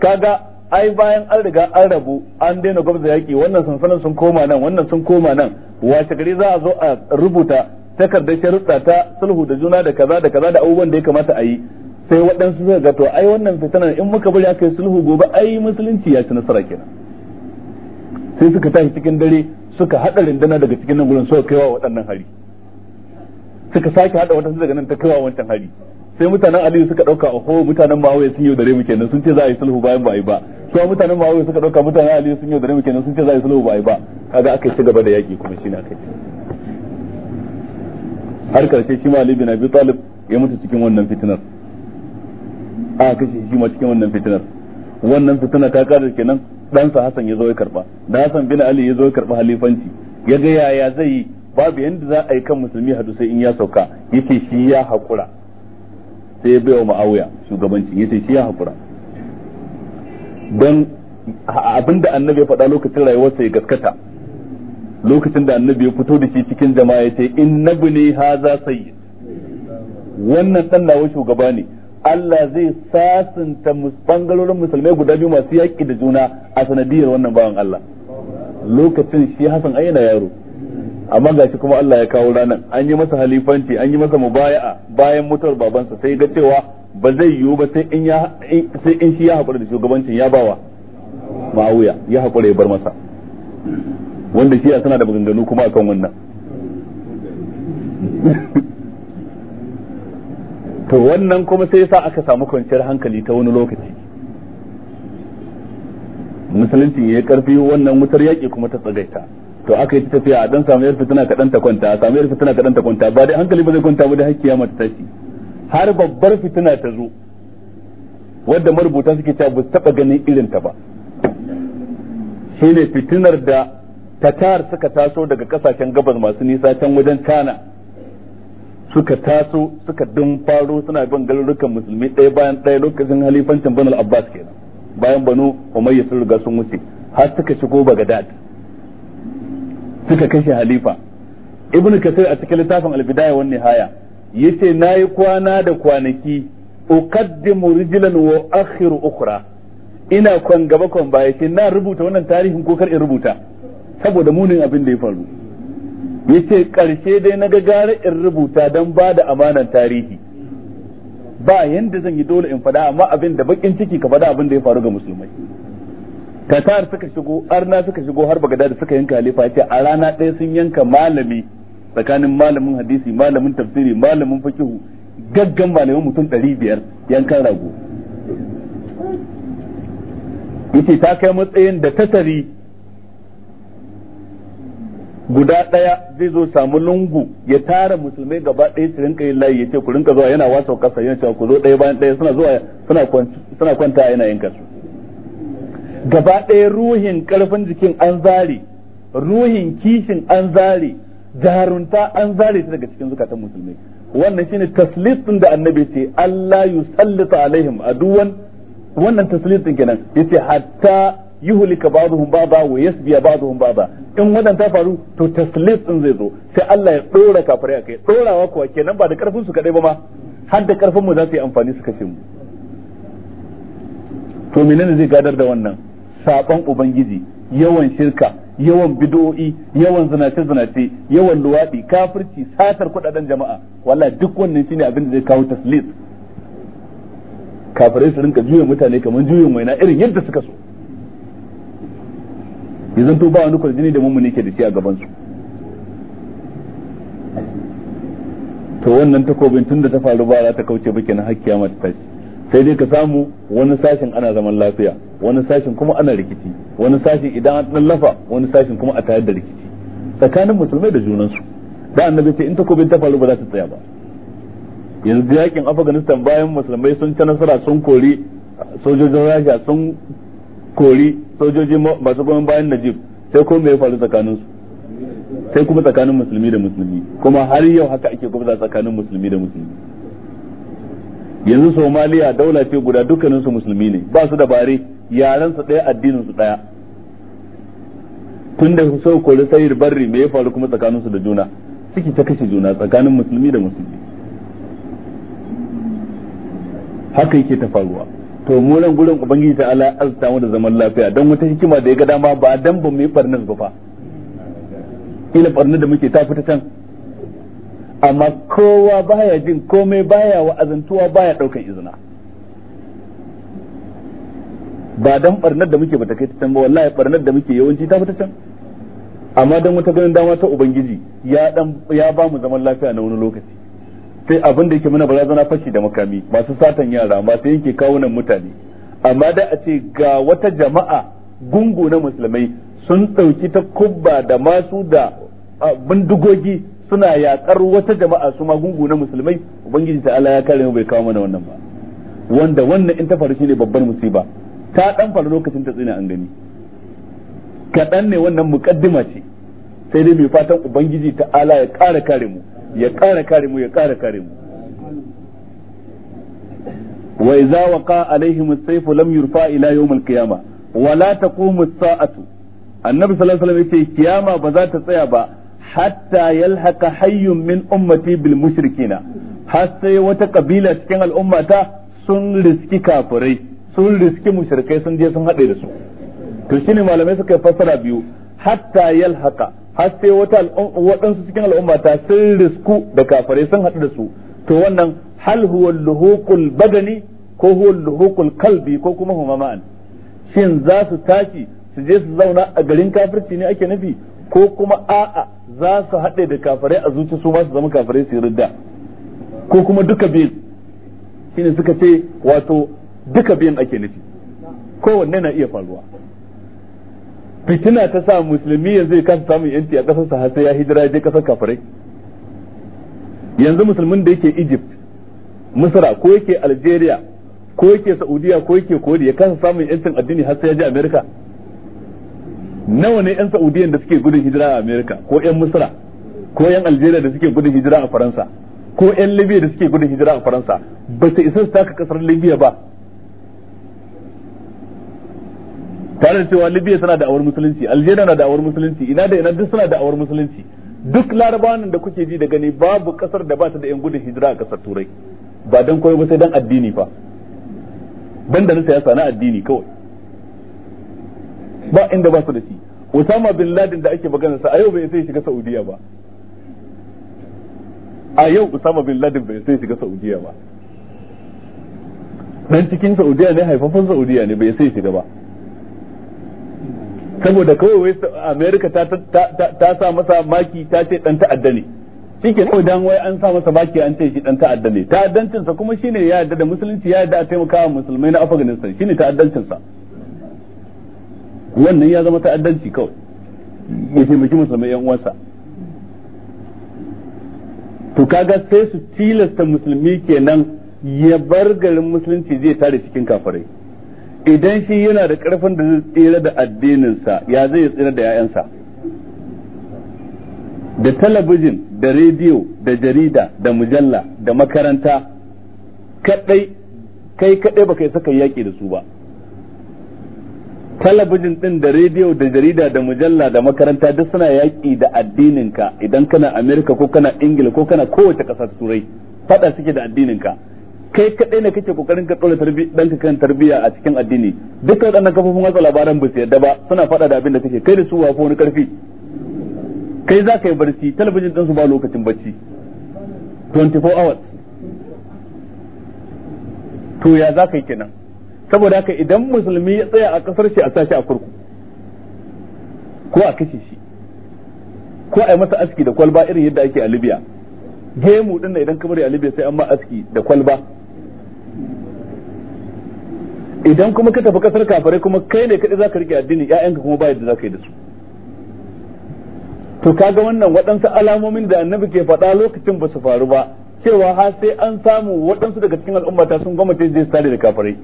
kaga ai bayan an riga an rabu an daina gwamza yaki wannan sansanin sun koma nan wannan sun koma nan wace gari za a zo a rubuta takardar sharuɗa ta sulhu da juna da kaza da kaza da abubuwan da ya kamata a yi sai waɗansu suka ga to ai wannan fitanar in muka bari aka yi sulhu gobe ai musulunci ya ci nasara kenan sai suka tashi cikin dare suka haɗa rindana daga cikin nan gurin suka kaiwa waɗannan hari suka sake haɗa wata daga nan ta kaiwa wancan hari sai mutanen aliyu suka dauka oho mutanen ma'awai sun yi dare mu kenan sun ce za a yi sulhu bayan ba a yi ba su mutanen ma'awai suka dauka mutanen aliyu sun yi dare mu kenan sun ce za a yi sulhu ba a yi ba kaga aka ci gaba da yaki kuma ne aka yi har karshe shi ma bin abi talib ya mutu cikin wannan fitinar a kashe shi ma cikin wannan fitinar wannan fitina ta kada kenan ɗansa Hassan ya zo ya karba da Hassan bin Ali ya zo ya karba halifanci ya ga yaya zai yi babu yanda za a yi kan musulmi hadu sai in ya sauka yake shi ya haƙura sai ya bai wa ma'awiya shugabancin ce shi ya hakura don abinda annabi ya faɗa lokacin rayuwarsa ya gaskata lokacin da annabi ya fito da shi cikin jama'a ya ce in innabi ne haza sai wannan dan nawa shugaba ne Allah zai sasanta bangarorin musulmai guda biyu masu yaƙi da juna a sanadiyar wannan bawan Allah lokacin shi Hassan ayyana yaro amma ga shi kuma Allah ya kawo ranar an yi masa halifanci an yi masa mubaya'a bayan mutuwar babansa sai ga cewa ba zai yiwu ba sai in ya sai in shi ya haƙura da shugabancin ya bawa Muawiya ya haƙura ya bar masa wanda shi suna da maganganu kuma akan wannan to wannan kuma sai sa aka samu kwanciyar hankali ta wani lokaci musulunci ya karfi wannan wutar yaƙi kuma ta tsagaita to aka yi ta tafiya a dan samu yar fitina kadan ta kwanta a samu yar fitina kadan ta kwanta ba dai hankali ba zai kwanta ba da har kiyama ta tashi har babbar fitina ta zo wadda marubuta suke cewa ba su taba ganin irin ta ba shine fitinar da tatar suka taso daga kasashen gabas masu nisa can wajen kana suka taso suka faro suna bin garurukan musulmi ɗaya bayan ɗaya lokacin halifancin al abbas kenan bayan banu umayya sun riga sun wuce har suka shigo bagadad suka kashe halifa ibnu kasir a cikin littafin albidaya wan nihaya yace nayi kwana da kwanaki uqaddimu rijlan wa akhiru ukhra ina kwan gaba kwan baya ce na rubuta wannan tarihin ko kar in rubuta saboda munin abin da ya faru yace karshe dai na gara in rubuta dan ba da amanan tarihi ba yanda zan yi dole in faɗa amma abin da bakin ciki ka faɗa abin da ya faru ga musulmai Qatar suka shigo arna suka shigo har da suka yanka halifa yace a rana ɗaya sun yanka malami tsakanin malamin hadisi malamin tafsiri malamin fakihu gaggan malamin mutum 500 yankan rago yace ta kai matsayin da tatari guda ɗaya zai zo samu lungu ya tara musulmai gaba ɗaya su rinka yin layi ya ce ku rinka zuwa yana wasa kasa yana cewa ku zo ɗaya bayan ɗaya suna zuwa suna kwanta yana yin kasu gaba ɗaya ruhin ƙarfin jikin an zare ruhin kishin an zare jarunta an zare su daga cikin zukatan musulmi wannan shine taslis din da annabi ce Allah yusallita alaihim aduwan wannan taslis din kenan yace hatta yuhlika ba'dhum ba'dha wa yasbiya ba'dhum ba'dha in wannan ta faru to taslis din zai zo sai Allah ya dora kafirai akai dorawa kuwa kenan ba da karfin su kadai ba ma har da karfin mu za su yi amfani su kashe mu to menene zai gadar da wannan Saɓan ubangiji yawan shirka yawan bid'o'i yawan zinace zinace yawan luwaɗi kafirci satar kudaden jama'a wallahi duk wannan shine abin da zai kawo taslis kafirai su rinka juya mutane kamar juyin waina irin yadda suka so yanzu to ba wani kwarjini da mummuni ke da shi a gabansu. to wannan takobin tun da ta faru ba za ta kauce ba kenan hakkiya mata tashi sai dai ka samu wani sashin ana zaman lafiya wani sashin kuma ana rikici wani sashin idan an dan lafa wani sashin kuma a tayar da rikici tsakanin musulmai da junansu da annabi ce in takobin ta faru ba za ta tsaya ba yanzu yakin afghanistan bayan musulmai sun ci nasara sun kori sojojin rasha sun kori sojojin masu goyon bayan najib sai ko me ya faru tsakanin su sai kuma tsakanin musulmi da musulmi kuma har yau haka ake gwamza tsakanin musulmi da musulmi yanzu somaliya daula ce guda dukkaninsu musulmi ne ba su yaran su daya addinin su daya tun da so kori sayir barri me ya faru kuma tsakaninsu da juna suke ta kashe juna tsakanin musulmi da musulmi haka yake ta faruwa to mu nan gurin ubangiji ta ala azta mu da zaman lafiya don wata hikima da ya ga dama ba dan ba mu yi barnas ba fa ila barnar da muke ta fita can amma kowa baya jin komai baya wa'azantuwa baya ɗaukar izina ba dan barnar da muke bata kai ta can ba wallahi barnar da muke yawanci ta fita can amma dan wata ganin dama ta ubangiji ya dan ya ba mu zaman lafiya na wani lokaci sai abin da yake mana barazana fashi da makami masu satan yara masu yanke kawunan mutane amma da a ce ga wata jama'a gungu na musulmai sun ɗauki ta kubba da masu da bindigogi suna yakar wata jama'a su magungu na musulmai ubangiji ta Allah ya kare mu bai kawo mana wannan ba wanda wannan in ta faru shine babbar musiba ta dan faru lokacin ta tsina an gani kaɗan ne wannan mukaddima ce sai dai mai fatan ubangiji ta ala ya ƙara kare mu ya ƙara kare mu ya ƙara kare mu wa idza waqa alaihim as-sayfu lam yurfa ila yawm al-qiyamah wa la taqumu as-sa'atu annabi sallallahu alaihi wasallam yace kiyama ba za ta tsaya ba hatta yalhaka hayyun min ummati bil mushrikina har sai wata kabila cikin al'ummata sun riski kafirai sun riski mushrikai sun je sun haɗe da su to shine malamai suka fassara biyu hatta yalhaqa har sai wata waɗansu cikin al'ummata sun risku da kafirai sun haɗu da su to wannan hal huwa luhuqul badani ko huwa luhuqul kalbi ko kuma huma ma'an shin za su tashi su je su zauna a garin kafirci ne ake nufi ko kuma a'a za su haɗe da kafirai a zuci su ma su zama kafirai su ridda ko kuma duka biyun shine suka ce wato duka biyun ake nufi kowanne na iya faruwa fitina ta sa musulmi yanzu ya kasa samun yanti a ƙasar sa ya hijira ya je ƙasar kafirai yanzu musulmin da yake Egypt Misra ko yake Algeria ko yake Saudiya ko yake Kodi, ya kasa samun yancin addini har sai ya je America nawa ne yan saudiyan da suke gudun hijira a america ko yan misra ko yan algeria da suke gudun hijira a faransa ko yan libya da suke gudun hijira a faransa ba ta isa su taka kasar libya ba tare da cewa libya tana da awar musulunci algeria na da awar musulunci ina da ina duk suna da awar musulunci duk larabawan da kuke ji da gani babu kasar da ba ta da yan gudun hijira a kasar turai ba dan koyo ba sai dan addini fa banda na siyasa na addini kawai ba inda ba su da shi Usama bin Laden da ake magana sa a yau bai sai shiga Saudiya ba a yau Usama bin Laden bai sai shiga Saudiya ba dan cikin Saudiya ne haifafan Saudiya ne bai sai shiga ba saboda kawai wai America ta ta ta sa masa maki ta ce dan ta'adda ne shike ko dan wai an sa masa baki an ce shi dan ta'adda ne ta'addancin sa kuma shine ya yarda da musulunci ya yarda a taimakawa musulmai na Afghanistan shine ta'addancin sa wannan ya zama ta'addanci kawai ya taimaki musulmai yan uwansa to kaga sai su tilasta musulmi kenan ya bar garin musulunci zai tare cikin kafirai idan shi yana da karfin da zai tsira da addininsa ya zai tsira da 'ya'yansa da talabijin da rediyo da jarida da mujalla da makaranta kadai kai kadai baka yi saka yaki da su ba talabijin din da rediyo da jarida da mujalla da makaranta duk suna yaƙi da addininka idan kana amerika ko kana ingila ko kana kowace ƙasar turai faɗa suke da addininka kai kaɗai ne kake kokarin ka ɗora dan ka kan tarbiyya a cikin addini duk waɗannan kafofin watsa labaran ba su yadda ba suna faɗa da abin da kake kai da su wafo wani ƙarfi kai za ka yi barci talabijin din su ba lokacin barci 24 hours to ya za ka yi kenan saboda haka idan musulmi ya tsaya a kasar shi a sashi a kurku ko a kashe shi ko a yi masa aski da kwalba irin yadda ake a Libya gemu din idan ka bari a Libya sai an ma aski da kwalba idan kuma ka tafi kasar kafare kuma kai ne za zaka rike addini ƴaƴanka kuma ba yadda zaka yi da su to kaga wannan waɗansu alamomin da annabi ke faɗa lokacin ba su faru ba cewa har sai an samu waɗansu daga cikin al'ummata sun gwamnati zai sare da kafirai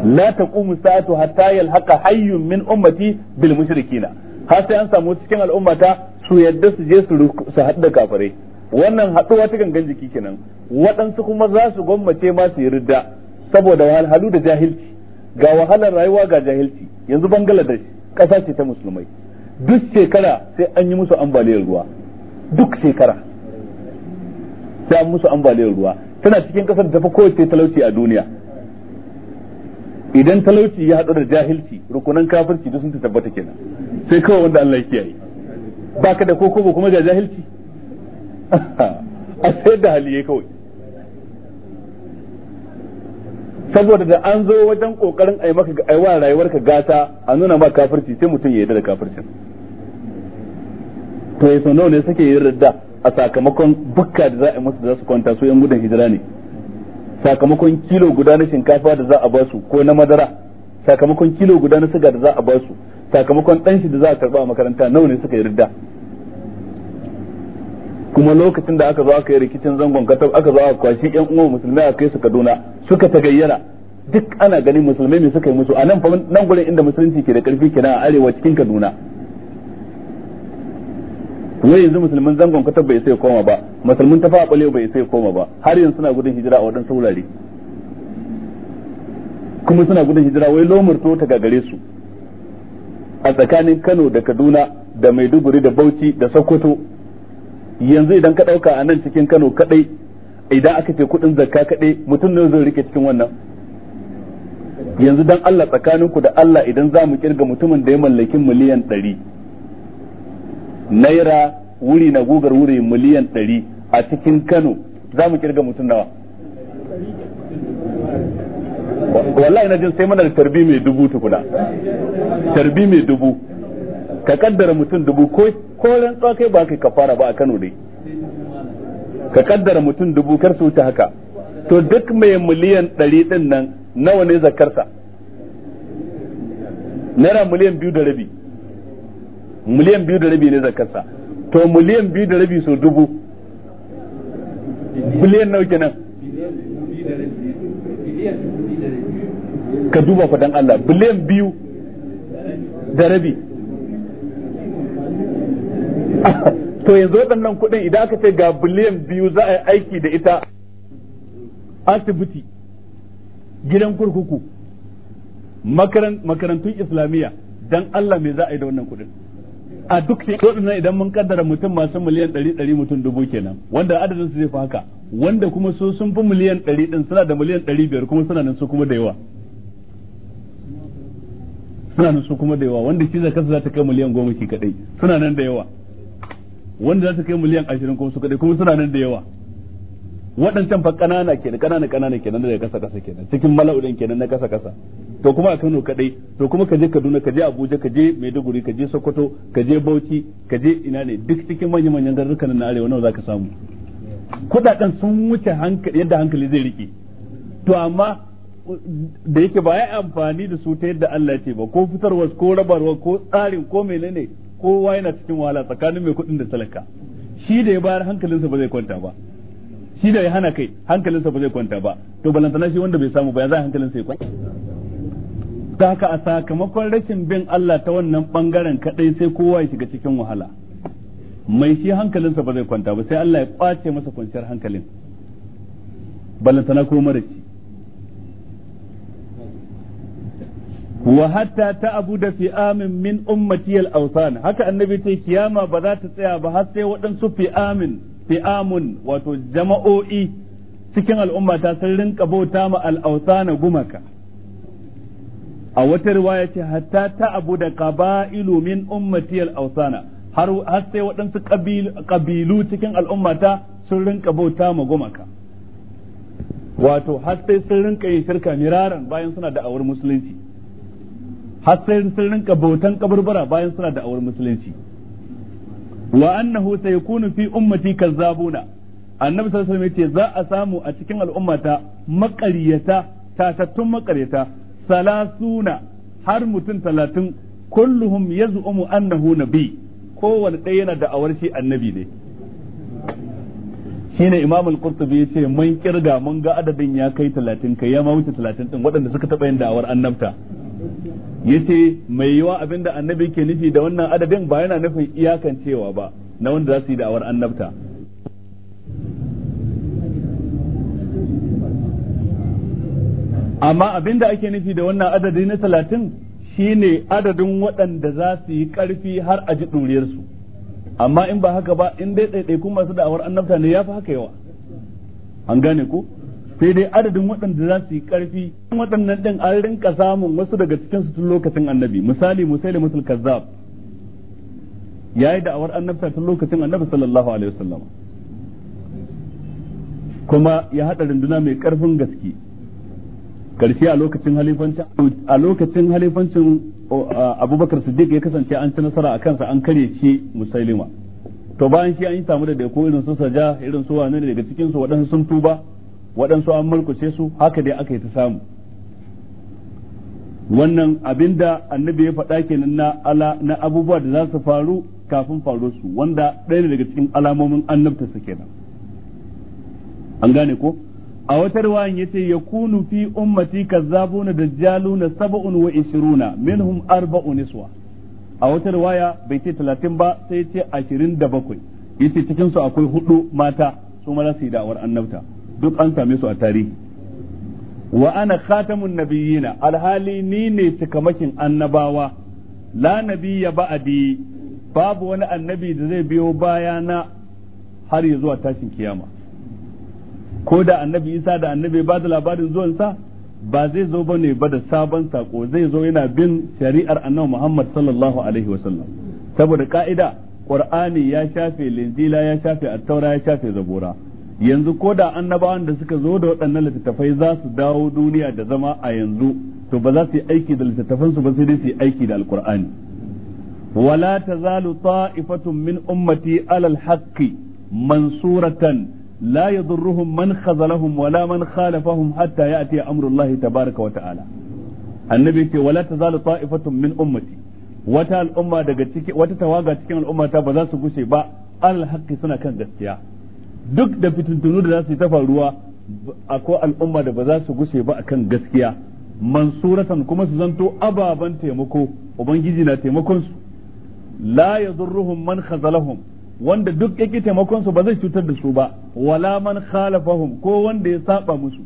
لا تقوم الساعة hatta يلحق hayyun min ummati بالمشركين har sai an samu cikin al'ummata su yadda su je su su wannan haɗuwa ta gangan jiki kenan waɗansu kuma za su gwammace ma su yi ridda saboda wahalhalu da jahilci ga wahalar rayuwa ga jahilci yanzu bangladesh ƙasa ce ta musulmai duk shekara sai an yi musu ambaliyar ruwa duk shekara sai an musu ambaliyar ruwa tana cikin ƙasar da ta kowace talauci a duniya idan talauci ya haɗu da jahilci rukunan kafirci duk sun ta tabbata kenan sai kawai wanda Allah ya kiyaye baka da koko kuma ga jahilci a sayar da haliye kawai saboda da an zo wajen kokarin ai maka ai wa rayuwarka gata a nuna maka kafirci sai mutum ya yarda da kafircin to yaso nawa ne suke yarda a sakamakon bukka da za a yi musu da za su kwanta su yan gudun hijira ne sakamakon kilo guda na shinkafa da za a ba su ko na madara sakamakon kilo guda na siga da za a ba su sakamakon dan da za a karba a makaranta nawa ne suka yi ridda. kuma lokacin da aka zo aka yi rikicin zangon katab aka zo aka kwashi yan uwa musulmai aka kai su Kaduna suka ta gayyana duk ana ganin musulmai me suka yi musu a nan nan gurin inda musulunci ke da karfi kenan a arewa cikin Kaduna wai yanzu musulmin zangon kwatar bai sai koma ba musulmin tafa a kwalewa bai sai koma ba har yanzu suna gudun hijira a waɗansu wurare kuma suna gudun hijira wai to ta gagare su a tsakanin kano da kaduna da maiduguri da bauchi da sokoto yanzu idan ka ɗauka a nan cikin kano kaɗai idan aka ce kuɗin zakka kaɗai mutum ne zai rike cikin wannan yanzu dan allah tsakaninku da allah idan za mu kirga mutumin da ya mallaki miliyan ɗari naira wuri na gugar wuri miliyan ɗari a cikin kano za mu kirga mutum nawa wallahi na jin sai mana da tarbi mai dubu tukuna tarbi mai dubu ka kaddara mutum dubu ko koren tsakai ba kai kafara ba a kano dai ka kaddara mutum dubu kar su wuce haka to duk mai miliyan ɗari ɗin nan nawa ne zakarsa naira miliyan biyu da rabi miliyan biyu da rabi ne zakarsa to miliyan biyu da rabi so dubu biliyan nawa kenan ka duba fadan Allah biliyan biyu da rabi to yanzu waɗannan kuɗin idan aka ce ga biliyan biyu za a yi aiki da ita asibiti gidan kurkuku makarantun islamiyya don Allah me za a yi da wannan kuɗin a duk shekaru nan idan mun kaddara mutum masu miliyan 100 mutum dubu kenan wanda adadin su zai fi haka wanda kuma so sun fi miliyan 100 din suna da miliyan 500 kuma suna nan su kuma da yawa suna nan su kuma da yawa wanda shi zakarsa za ta kai miliyan 10 shi kadai suna nan da yawa wanda za ta kai miliyan 20 kuma su kadai kuma suna nan da yawa waɗancan fa ƙanana kenan ƙanana ƙanana kenan daga ƙasa ƙasa kenan cikin mala'udin kenan na ƙasa ƙasa to kuma a Kano kaɗai to kuma ka je Kaduna ka je Abuja ka je Maiduguri ka je Sokoto ka je Bauchi ka je ina ne duk cikin manyan manyan garurukan na arewa nawa zaka samu kuɗaɗen sun wuce hankali yadda hankali zai rike to amma da yake ba ya amfani da su ta yadda Allah ce ba ko fitarwa ko rabarwa ko tsarin ko menene kowa yana cikin wahala tsakanin mai kuɗin da talaka shi da ya bayar hankalinsa ba zai kwanta ba shi da ya hana kai hankalinsa ba zai kwanta ba to balantana shi wanda bai samu ba ya za hankalinsa ya kwanta ta haka a sakamakon rashin bin Allah ta wannan bangaren kadai sai kowa ya shiga cikin wahala mai shi hankalinsa ba zai kwanta ba sai Allah ya kwace masa kwanciyar hankalin balantana ko mara ci wa hatta ta abu da fi amin min ummatiyal awsan haka annabi ce kiyama ba za ta tsaya ba har sai waɗansu fi amin fi'amun wato jama'o'i cikin al'umma ta sun rinka bauta ma al'ausana gumaka a wata riwaya ce hatta ta abu da qaba'ilu min ummati al'ausana har har sai waɗansu ƙabilu cikin al'ummata sun rinka bauta ma gumaka wato har sai sun rinka yin shirka miraran bayan suna da awar musulunci har sai sun rinka bautan kaburbura bayan suna da awar musulunci wa annahu sayakunu fi ummati kazzabuna annabi sallallahu alaihi wasallam yace za a samu a cikin al'ummata maƙaryata tatattun maƙaryata salasuna har mutum talatin kulluhum yaz'umu annahu nabi kowanne ɗaya yana da'awar shi annabi ne shine imam al-qurtubi yace mun kirga mun ga adadin ya kai 30 kai ya ma wuce 30 din waɗanda suka taɓa yin da'awar annabta yace mai yiwa abinda annabi ke nufi da wannan adadin ba yana nufin iyakancewa ba na wanda za su yi da'awar annabta amma abinda ake nufi da wannan adadi na talatin shi ne adadin waɗanda za su yi ƙarfi har a ji ɗuriyarsu amma in ba haka ba in dai ɗaiɗaikun masu da'awar annabta ne ya fi haka yawa an gane ku sai dai adadin waɗanda za su yi ƙarfi waɗannan ɗin an rinka samun wasu daga cikinsu tun lokacin annabi misali musaili musul kazzab ya yi da'awar annabta tun lokacin annabi sallallahu alaihi wasallam kuma ya haɗa runduna mai ƙarfin gaske karshe a lokacin halifancin a lokacin halifancin abubakar siddiq ya kasance an ci nasara a kansa an kare shi musailima to bayan shi an yi samu da ko irin su saja irin su wane daga cikinsu waɗansu sun tuba waɗansu an mulkuce su haka dai aka yi ta samu wannan abinda annabi ya faɗa kenan na ala na abubuwa da za su faru kafin faru su wanda ɗaya ne daga cikin alamomin annabta su kenan an gane ko a wata riwayan yace yakunu fi ummati kazzabuna dajjaluna sab'un wa ishruna minhum arba'un niswa a wata riwaya bai ce 30 ba sai ya ce 27 yace cikin su akwai hudu mata su ma za su yi da'awar annabta duk an same su a tarihi wa ana khatamun nabiyina alhali ni ne cikamakin annabawa la nabiyya ba'di babu wani annabi da zai biyo bayana har ya zuwa tashin kiyama ko da annabi isa da annabi ba da labarin zuwansa ba zai zo ba ne ba da sabon sako zai zo yana bin shari'ar annabi muhammad sallallahu alaihi wasallam saboda ka'ida qur'ani ya shafe linzila ya shafe attaura ya shafe zabura yanzu ko da annabawan da suka zo da waɗannan littattafai za su dawo duniya da zama a yanzu to ba za su yi aiki da littattafansu ba sai dai su yi aiki da alkur'ani wala tazalu ta'ifatun min ummati alal haqqi mansuratan la yadurruhum man khazalahum wala man khalafahum hatta ya'ti amrullahi tabaraka wa ta'ala annabi ce wala tazalu ta'ifatun min ummati wata al'umma daga ciki wata tawaga cikin al'ummata ba za su gushe ba alal haqqi suna kan gaskiya duk da fitintunu da za su yi ta faruwa akwai al'umma da ba za su gushe ba akan gaskiya mansuratan kuma su zanto ababen taimako ubangiji na taimakon su la yadurruhum man khazalahum wanda duk yake taimakon su ba zai cutar da su ba wala man khalafahum ko wanda ya saba musu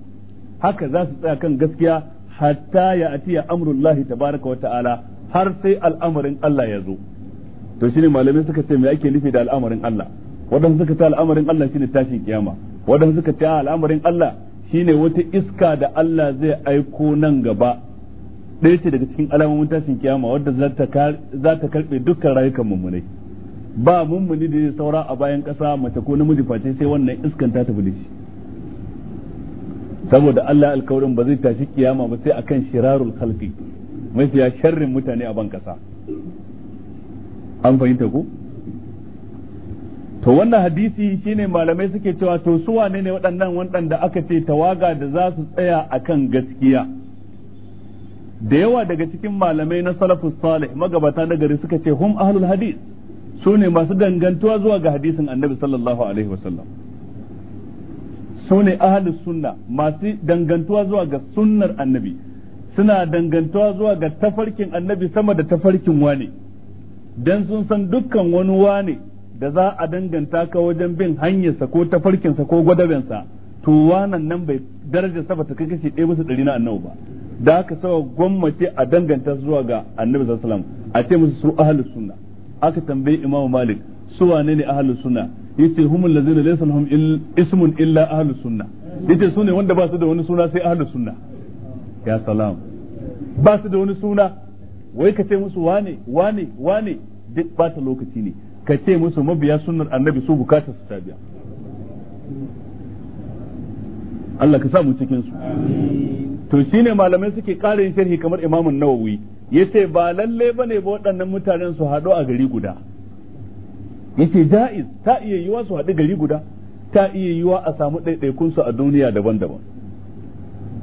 haka za su tsaya kan gaskiya hatta ya atiya amrullahi tabaraka wa ta'ala har sai al'amarin Allah ya zo to shine malamai suka ce me ake nufi da al'amarin Allah waɗansu suka ta al'amarin Allah shine tashin kiyama waɗansu suka ta al'amarin Allah shine wata iska da Allah zai aiko nan gaba ɗaya ce daga cikin alamomin tashin kiyama wadda za ta karɓe dukkan rayukan mummunai ba mummuni da zai saura a bayan ƙasa mace ko namiji face sai wannan iskan ta tafi da saboda Allah alkawarin ba zai tashi kiyama ba sai akan shirarul khalqi mafiya sharrin mutane a ban ƙasa an fahimta ko to wannan hadisi shine malamai suke cewa to su wane ne waɗannan waɗanda aka ce tawaga da za su tsaya akan gaskiya da yawa daga cikin malamai na salafus salih magabata na gari suka ce hum ahlul hadis su ne masu dangantuwa zuwa ga hadisin annabi sallallahu alaihi wasallam su ne ahlus sunna masu dangantuwa zuwa ga sunnar annabi suna dangantuwa zuwa ga tafarkin annabi sama da tafarkin wane dan sun san dukkan wani wane da za a danganta ka wajen bin hanyarsa ko tafarkinsa ko gwadabinsa to wannan nan bai darajar sa ta kai kashi ɗaya bisa ɗari na annabi ba da aka sawa gwammace a danganta zuwa ga annabi sallallahu alaihi wasallam a ce musu su ahlus sunna aka tambayi imamu malik su wane ne ahlus sunna yace humul ladzina laysa lahum ismun illa ahlus sunna yace sune wanda ba su da wani suna sai ahlus sunna ya salam ba su da wani suna wai ka ce musu wane wane wane duk ba ta lokaci ne ka ce musu mabiya sunnar annabi su bukatar su ta biya Allah ka sa mu cikin su to shine malamai suke karin sharhi kamar imamun Nawawi yace ba lalle bane ba waɗannan mutanen su haɗu a gari guda yace jaiz ta iya yiwa su haɗu gari guda ta iya yiwa a samu ɗaiɗaikun su a duniya daban-daban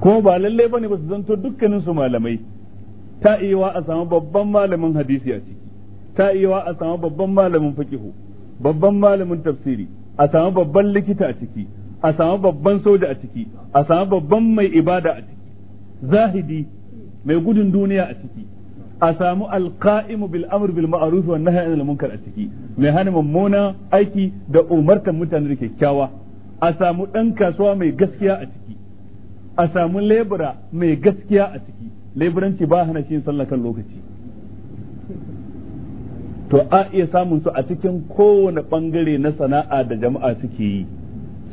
ko ba lalle bane ba su zanto dukkanin su malamai ta iya yiwa a samu babban malamin hadisi a ciki ta iya a samu babban malamin fakihu babban malamin tafsiri a samu babban likita a ciki a samu babban soja a ciki a samu babban mai ibada a ciki zahidi mai gudun duniya a ciki a samu alqa'imu bil amr bil ma'ruf wan nahy anil munkar a ciki mai hana mummuna aiki da umartar mutane da kyakkyawa a samu dan kasuwa mai gaskiya a ciki a samu lebura mai gaskiya a ciki leburanci ba hana shi sallah kan lokaci to a iya samun su a cikin kowane bangare na sana'a da jama'a suke yi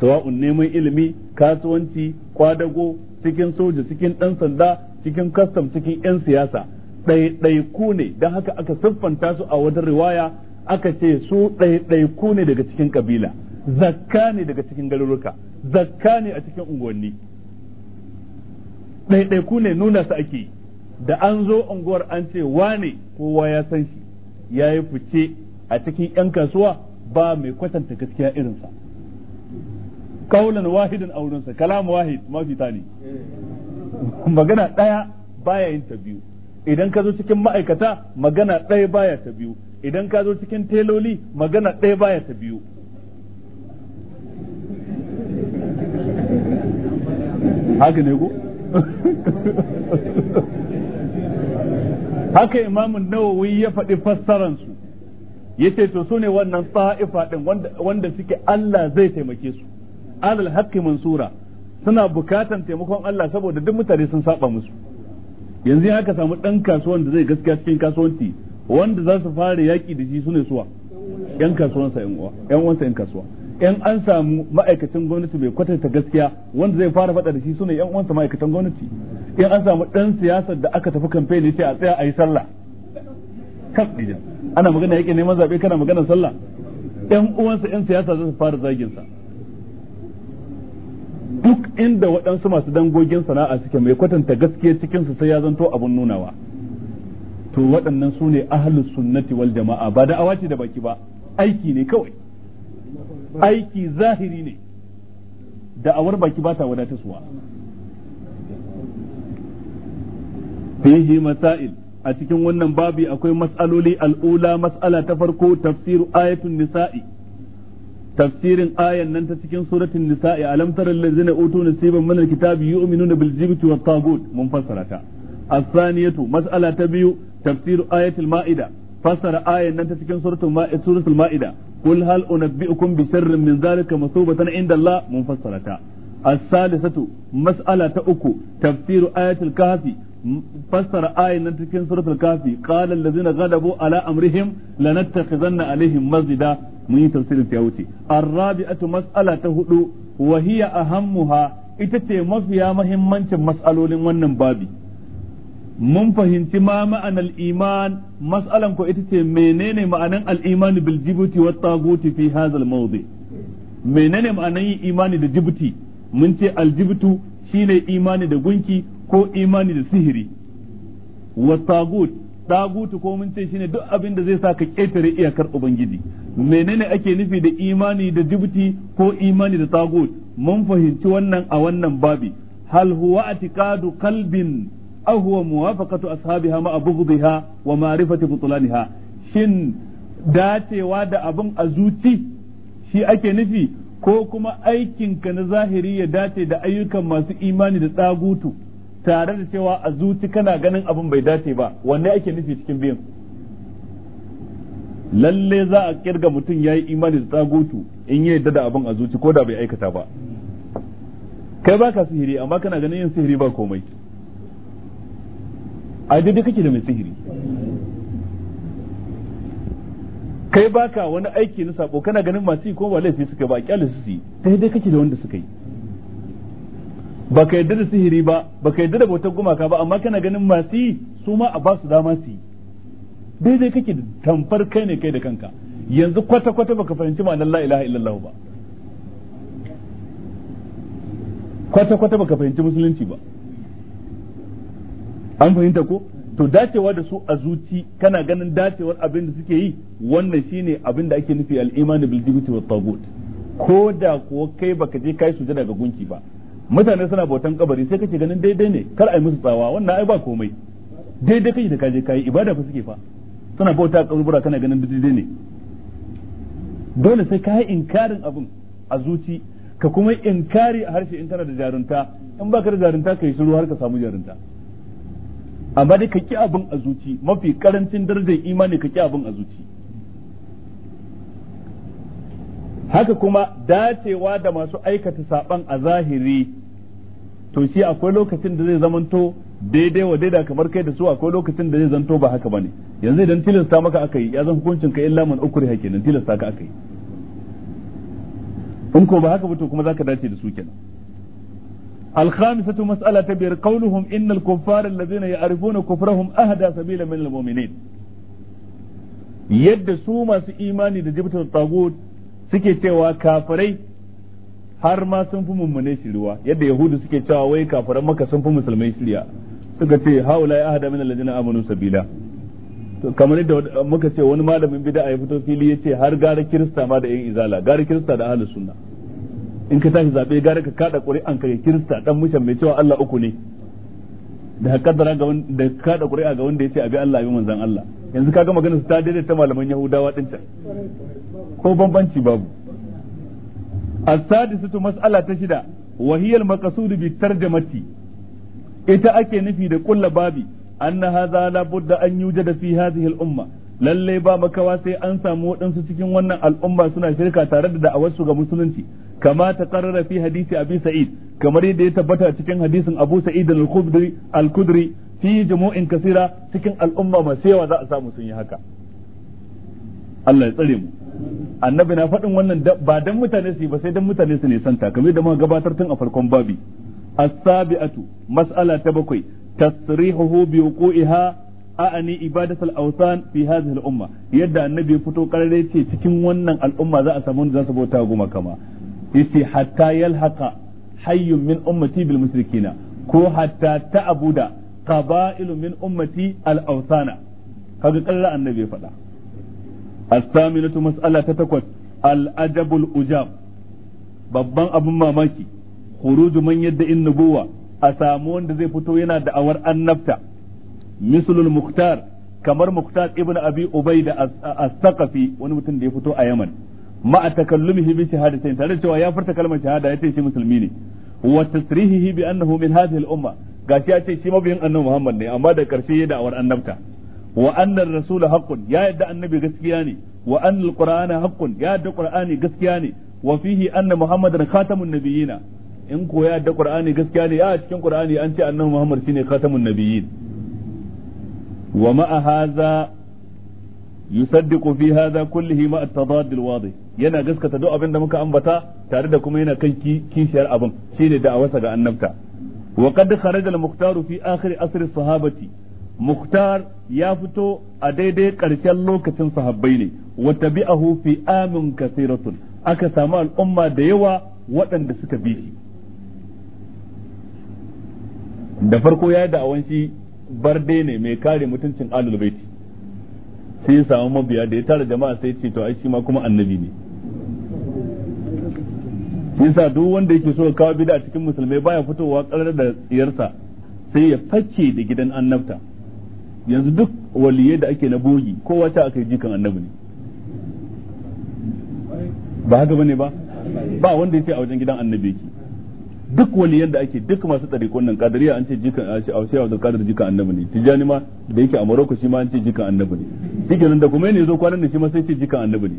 sawa'un neman ilimi kasuwanci kwadago cikin soja cikin ɗan sanda cikin kastam cikin 'yan siyasa ɗaiɗaiku ne don haka aka siffanta su a wajen riwaya aka ce su ɗaiɗaiku ne daga cikin kabila zakka ne daga cikin garuruka zakka ne a cikin unguwanni ɗaiɗaiku ne nuna su ake da an zo unguwar an ce wane kowa ya san shi ya yi fice a cikin 'yan kasuwa ba mai kwatanta gaskiya irinsa kaulan wahidin wurinsa kalamu wahid mafi tani magana ɗaya baya yin ta biyu idan ka zo cikin ma'aikata magana ɗaya baya ta biyu idan ka zo cikin teloli magana ɗaya baya ta biyu haka ne ku haka imamun nawawi ya faɗi ya ce to su ne wannan sa'ifa ɗin wanda suke Allah zai taimake su alal haqqi mansura suna bukatan taimakon Allah saboda duk mutane sun saba musu yanzu ya aka samu ɗan kasuwan da zai gaskiya cikin kasuwanci wanda za su fara yaƙi da shi su ne suwa ƴan kasuwansa ƴan uwa uwansa ƴan kasuwa in an samu ma'aikacin gwamnati mai kwatanta gaskiya wanda zai fara faɗa da shi sune yan uwansa ma'aikatan gwamnati in an samu ɗan siyasar da aka tafi kamfe ne sai a tsaya a yi sallah kasdija ana magana yake neman zabe kana magana sallah yan uwansa yan siyasa za su fara zagin sa duk inda waɗansu masu dangogin sana'a suke mai kwatanta gaskiya cikin su sai ya zanto abun nunawa to waɗannan su ne ahlus sunnati wal jama'a ba da awaci da baki ba aiki ne kawai aiki zahiri ne da'awar baki ba ta wadatarsuwa fihi masail a cikin wannan babi akwai mas'aloli al'ula mas'ala ta farko tafsiru ayatun nisa'i tafsirin ayan nan ta cikin suratul nisa'i alam tara allazina utu nasiban min alkitabi yu'minuna bil jibti wat tagut mun fassara ta as-saniyatu mas'ala ta biyu tafsiru ayatul ma'ida fassara ayan nan ta cikin suratul ma'ida قل هل أنبئكم بشر من ذلك مصوبة عند الله منفصلة الثالثة مسألة أكو تفسير آية الكهف فسر آية نتكين سورة الكهف قال الذين غلبوا على أمرهم لنتخذن عليهم مسجدا من تفسير تيوتي الرابعة مسألة هدو وهي أهمها ita ce mafiya mahimmancin mas'alolin wannan babi mun fahimci ma ma'anar iman mas'alan ko ita ce menene ma'anan al-iman bil jibuti wa taguti fi hazal al-mawdi menene ma'anan yin imani da jibuti mun ce al-jibutu shine imani da gunki ko imani da sihiri wa tagut tagutu ko mun ce shine duk abin da zai sa ka ketare iyakar ubangiji menene ake nufi da imani da jibuti ko imani da tagut mun fahimci wannan a wannan babi hal huwa atikadu kalbin aw huwa muwafaqatu ashabiha ma abghadha wa ma'rifati butlaniha shin dacewa da abin a zuci shi ake nufi ko kuma aikinka na zahiri ya dace da ayyukan masu imani da tsagutu tare da cewa a zuci kana ganin abin bai dace ba wanne ake nufi cikin biyan lalle za a kirga mutum ya yi imani da tsagutu in ya yadda da abin a zuci ko da bai aikata ba kai ba ka sihiri amma kana ganin yin sihiri ba komai a daidai kake da mai sihiri kai baka wani aiki na sako kana ganin masu yi ko ba laifi suka ba kyale su yi ta dai kake da wanda suka yi ba ka yadda da sihiri ba ba ka yadda da bautar gumaka ba amma kana ganin masu yi su ma a ba su dama su yi dai kake da tamfar kai ne kai da kanka yanzu kwata kwata baka fahimci ma la ilaha illallah ba kwata kwata baka fahimci musulunci ba an fahimta ko to dacewa da su a zuci kana ganin dacewar abin da suke yi wannan shine abin da ake nufi al-iman bil jibti wa tagut ko da kuwa kai baka je kai su daga gunki ba mutane suna bautan kabari sai kake ganin daidai ne kar ai musu tsawa wannan ai ba komai daidai kai da ka je kai ibada fa suke fa suna bauta kabura kana ganin daidai ne dole sai ka yi inkarin abin a zuci ka kuma inkari a harshe in kana da jarunta in baka da jarunta ka yi shiru har ka samu jarunta amma dai ka ki abin a zuci mafi karancin darajar imani ka ki abin a zuci haka kuma dacewa da masu aikata saban a zahiri to shi akwai lokacin da zai zamanto daidai wa daida kamar kai da su akwai lokacin da zai zanto ba haka bane yanzu idan tilasta maka aka yi ya zan hukuncin ka illa man ukuri hake nan tilasta ka aka yi in ko ba haka ba to kuma zaka dace da su kenan الخامسة مسألة تبير قولهم إن الكفار الذين يعرفون كفرهم أهدى سبيلا من المؤمنين yadda su masu imani da jibtar سكي suke cewa har ma sun fi mummune shiriwa yadda yahudu suke cewa wai kafiran maka sun fi musulmai shirya suka ce haula ya ahada min alladhina amanu sabila to kamar yadda muka ce wani malamin bid'a ya fito fili yace har gara kirista ma da yin izala gara kirista da ahlus sunna in ka tashi zabe gara ka kaɗa ƙuri'an ka kirista ɗan mushan mai cewa Allah uku ne da kaddara ga da kaɗa ƙuri'a ga wanda ya yace abi Allah bi manzon Allah yanzu kaga magana su ta daidai ta malaman Yahudawa din can ko bambanci babu as-sadisatu mas'ala ta shida wa hiya al-maqsud bi tarjamati ita ake nufi da kulla babi anna hadha la budda an yujada fi hadhihi al-umma lalle ba makawa sai an samu waɗansu cikin wannan al'umma suna shirka tare da da'awarsu ga musulunci kama ta karara fi hadisi abi sa'id kamar yadda ya tabbata cikin hadisin abu sa'id al-khudri al-kudri fi kasira cikin al'umma masu yawa za a samu sun yi haka Allah ya tsare mu annabi na faɗin wannan ba dan mutane su yi ba sai dan mutane su ne santa kamar yadda muka gabatar tun a farkon babi as-sabi'atu mas'ala ta bakwai tasrihuhu bi wuqu'iha a'ani ibadat al-awthan fi hadhihi al-umma yadda annabi ya fito karare ce cikin wannan al'umma za a samu za su bauta goma kama yace hatta yalhaqa hayyun min ummati bil mushrikina ko hatta ta'buda qaba'ilu min ummati al awsana kaga kalla annabi faɗa as-saminatu mas'ala ta takwas al ajabul ujab babban abin mamaki khuruju man yadda in nubuwa a samu wanda zai fito yana da awar annabta mislul muktar kamar muktar ibn abi ubaida as-saqafi wani mutum da ya fito a yaman ma a takallumihi bi shahadatain tare da cewa ya furta kalmar shahada ya ce shi musulmi ne wa tasrihihi bi annahu min hadhihi al-umma gashi ya ce shi mabiyin annabi Muhammad ne amma da karshe ya da'awar annabta wa anna ar-rasul haqqun ya yadda annabi gaskiya ne wa anna al-qur'ana haqqun ya yadda qur'ani gaskiya ne wa fihi anna muhammadan khatamun nabiyina in ko ya yadda qur'ani gaskiya ne ya cikin qur'ani an ce annabi Muhammad shine khatamun nabiyyin wa ma'a hadha yusaddiqu fi hadha kullihi ma at-tadad yana gaskata duk abin da muka ambata tare da kuma yana kan kishiyar abin shine da'awarsa ga annabta wa qad kharaja al-mukhtar fi akhir asr as-sahabati mukhtar ya fito a daidai karshen lokacin sahabbai ne wa tabi'ahu fi amin kathiratun aka samu al'umma da yawa waɗanda suka bi shi da farko ya yi da'awan shi barde ne mai kare mutuncin alul baiti sai ya samu mabiya da ya tara jama'a sai ce to ai shi ma kuma annabi ne yasa duk wanda yake so kawo bid'a cikin musulmai baya fitowa karar da tsiyarsa sai ya fake da gidan annabta yanzu duk waliyai da ake na bogi kowa ta aka yi jikan annabi ne ba haka bane ba ba wanda ya ce a wajen gidan annabi yake duk wani yanda ake duk masu ɗariƙon nan kadariya an ce jikan a shehu da kadar jikan annabi ne tijani ma da yake a maroko shi ma an ce jikan annabi ne shikenan da kuma ne zo kwanan da shi ma sai ce jikan annabi ne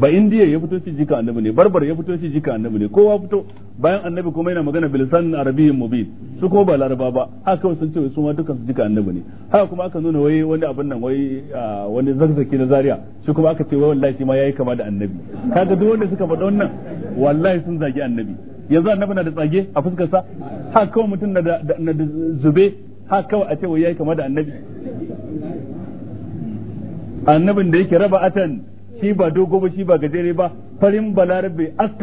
ba indiya ya fito shi jikan annabi ne barbar ya fito shi jikan annabi ne kowa fito bayan annabi kuma yana magana bilisan arabiyyin mubin su kuma ba laraba ba haka kawai sun ce su ma dukkan su jikan annabi ne haka kuma aka nuna wai wani abin nan wai wani zakzaki na zaria shi kuma aka ce wai wallahi shi ma yayi kama da annabi kaga duk wanda suka faɗa wannan wallahi sun zagi annabi yanzu annabi na da tsage a fuskar sa ha kawai mutum na da zube ha kawai a ce wai yayi kama da annabi annabin da yake raba atan shi ba dogo ba shi ba gajere ba farin balarabe al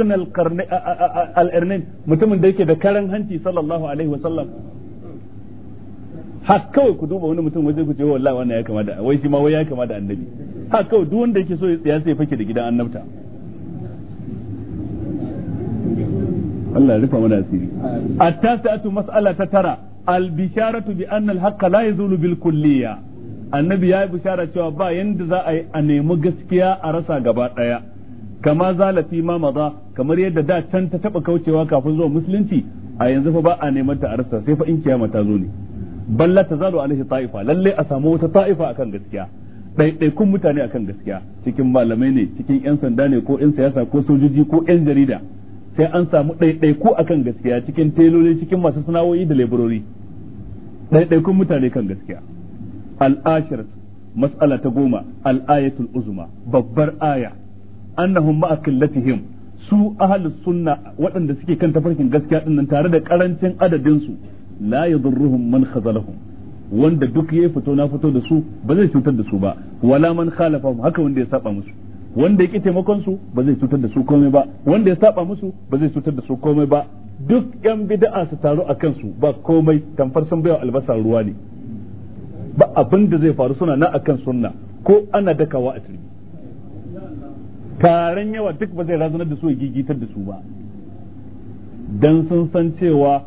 al'arnin mutumin da yake da karan hanci sallallahu alaihi wa sallam ha kawai ku duba wani mutum waje ku ce wallahi wannan ya kama da wai shi ma wai ya kama da annabi ha kawai duk wanda yake so ya tsaya sai fake da gidan annabta Allah ya rufa mana asiri at-tasatu mas'ala ta tara al-bisharatu bi anna al la yazulu bil kulliya annabi ya yi bishara cewa ba yanda za a yi a nemi gaskiya a rasa gaba daya kama zalafi ma maza kamar yadda da can ta taba kaucewa kafin zuwa musulunci a yanzu fa ba a neman ta a rasa sai fa in kiyama ta zo ne balla ta zalu alaihi ta'ifa lalle a samu wata ta'ifa akan gaskiya ɗaiɗaikun mutane akan gaskiya cikin malamai ne cikin 'yan sanda ne ko 'yan siyasa ko sojoji ko 'yan jarida sai an samu ɗaiɗaiku kan gaskiya cikin teloli cikin masu sana'o'i da leburori ɗaiɗaikun mutane kan gaskiya al'ashir mas'ala ta goma al'ayatul uzma babbar aya annahum ma'a killatihim su ahlus sunna waɗanda suke kan tafarkin gaskiya dinnan tare da karancin adadin su la yadurruhum man khazalahum wanda duk yayi fito na fito da su ba zai cutar da su ba wala man khalafahum haka wanda ya saba musu wanda ya ki taimakon su ba zai cutar da su komai ba wanda ya saba musu ba zai cutar da su komai ba duk yan bid'a su taru a kansu ba komai tamfar sun bayan albasa ruwa ne ba abin da zai faru suna na akan sunna ko ana dakawa a turbi taron yawa duk ba zai razanar da su gigitar da su ba dan sun san cewa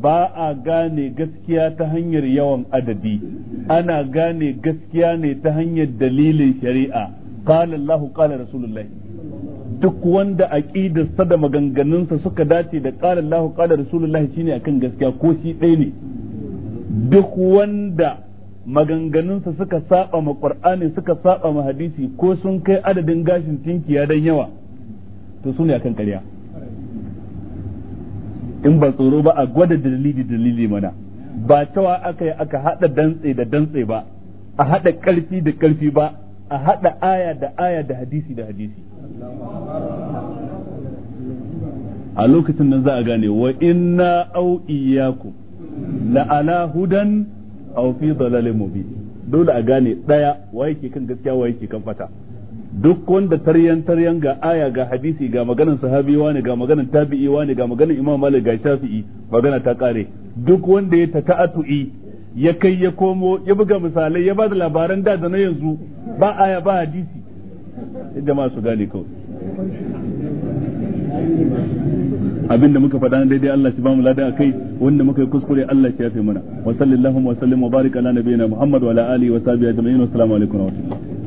ba a gane gaskiya ta hanyar yawan adadi ana gane gaskiya ne ta hanyar dalilin shari'a qala Allah qala rasulullah duk wanda sa da maganganun sa suka dace da qala Allah qala rasulullah shine akan gaskiya ko shi ɗaya ne duk wanda maganganun sa suka saba ma qur'ani suka saba ma hadisi ko sun kai adadin gashin tinkiya dan yawa to su ne akan ƙarya in ba tsoro ba a gwada dalili dalili mana ba cewa aka yi aka haɗa dantse da dantse ba a haɗa ƙarfi da ƙarfi ba a hada aya da aya da hadisi da hadisi a lokacin nan za a gane wa inna au iyyakum la ala hudan aw fi dalalin mubin dole a gane daya wa ke kan gaskiya wa ke kan fata duk wanda taryan taryan ga aya ga hadisi ga maganan sahabi wani ga maganan tabi'i wani ga maganan imam malik ga shafi'i magana ta kare duk wanda ya ta'atu'i ya kai ya komo ya buga misalai ya ba da labaran da da na yanzu ba aya ba hadisi jama'a masu gane kawai abinda muka faɗa na daidai Allah shi ba mu ladan akai wanda muka yi kuskure Allah shi fi mana wa sallallahu wa sallam wa barika ala nabiyina Muhammad wa ala alihi wa sahbihi ajma'in wa assalamu alaikum wa rahmatullahi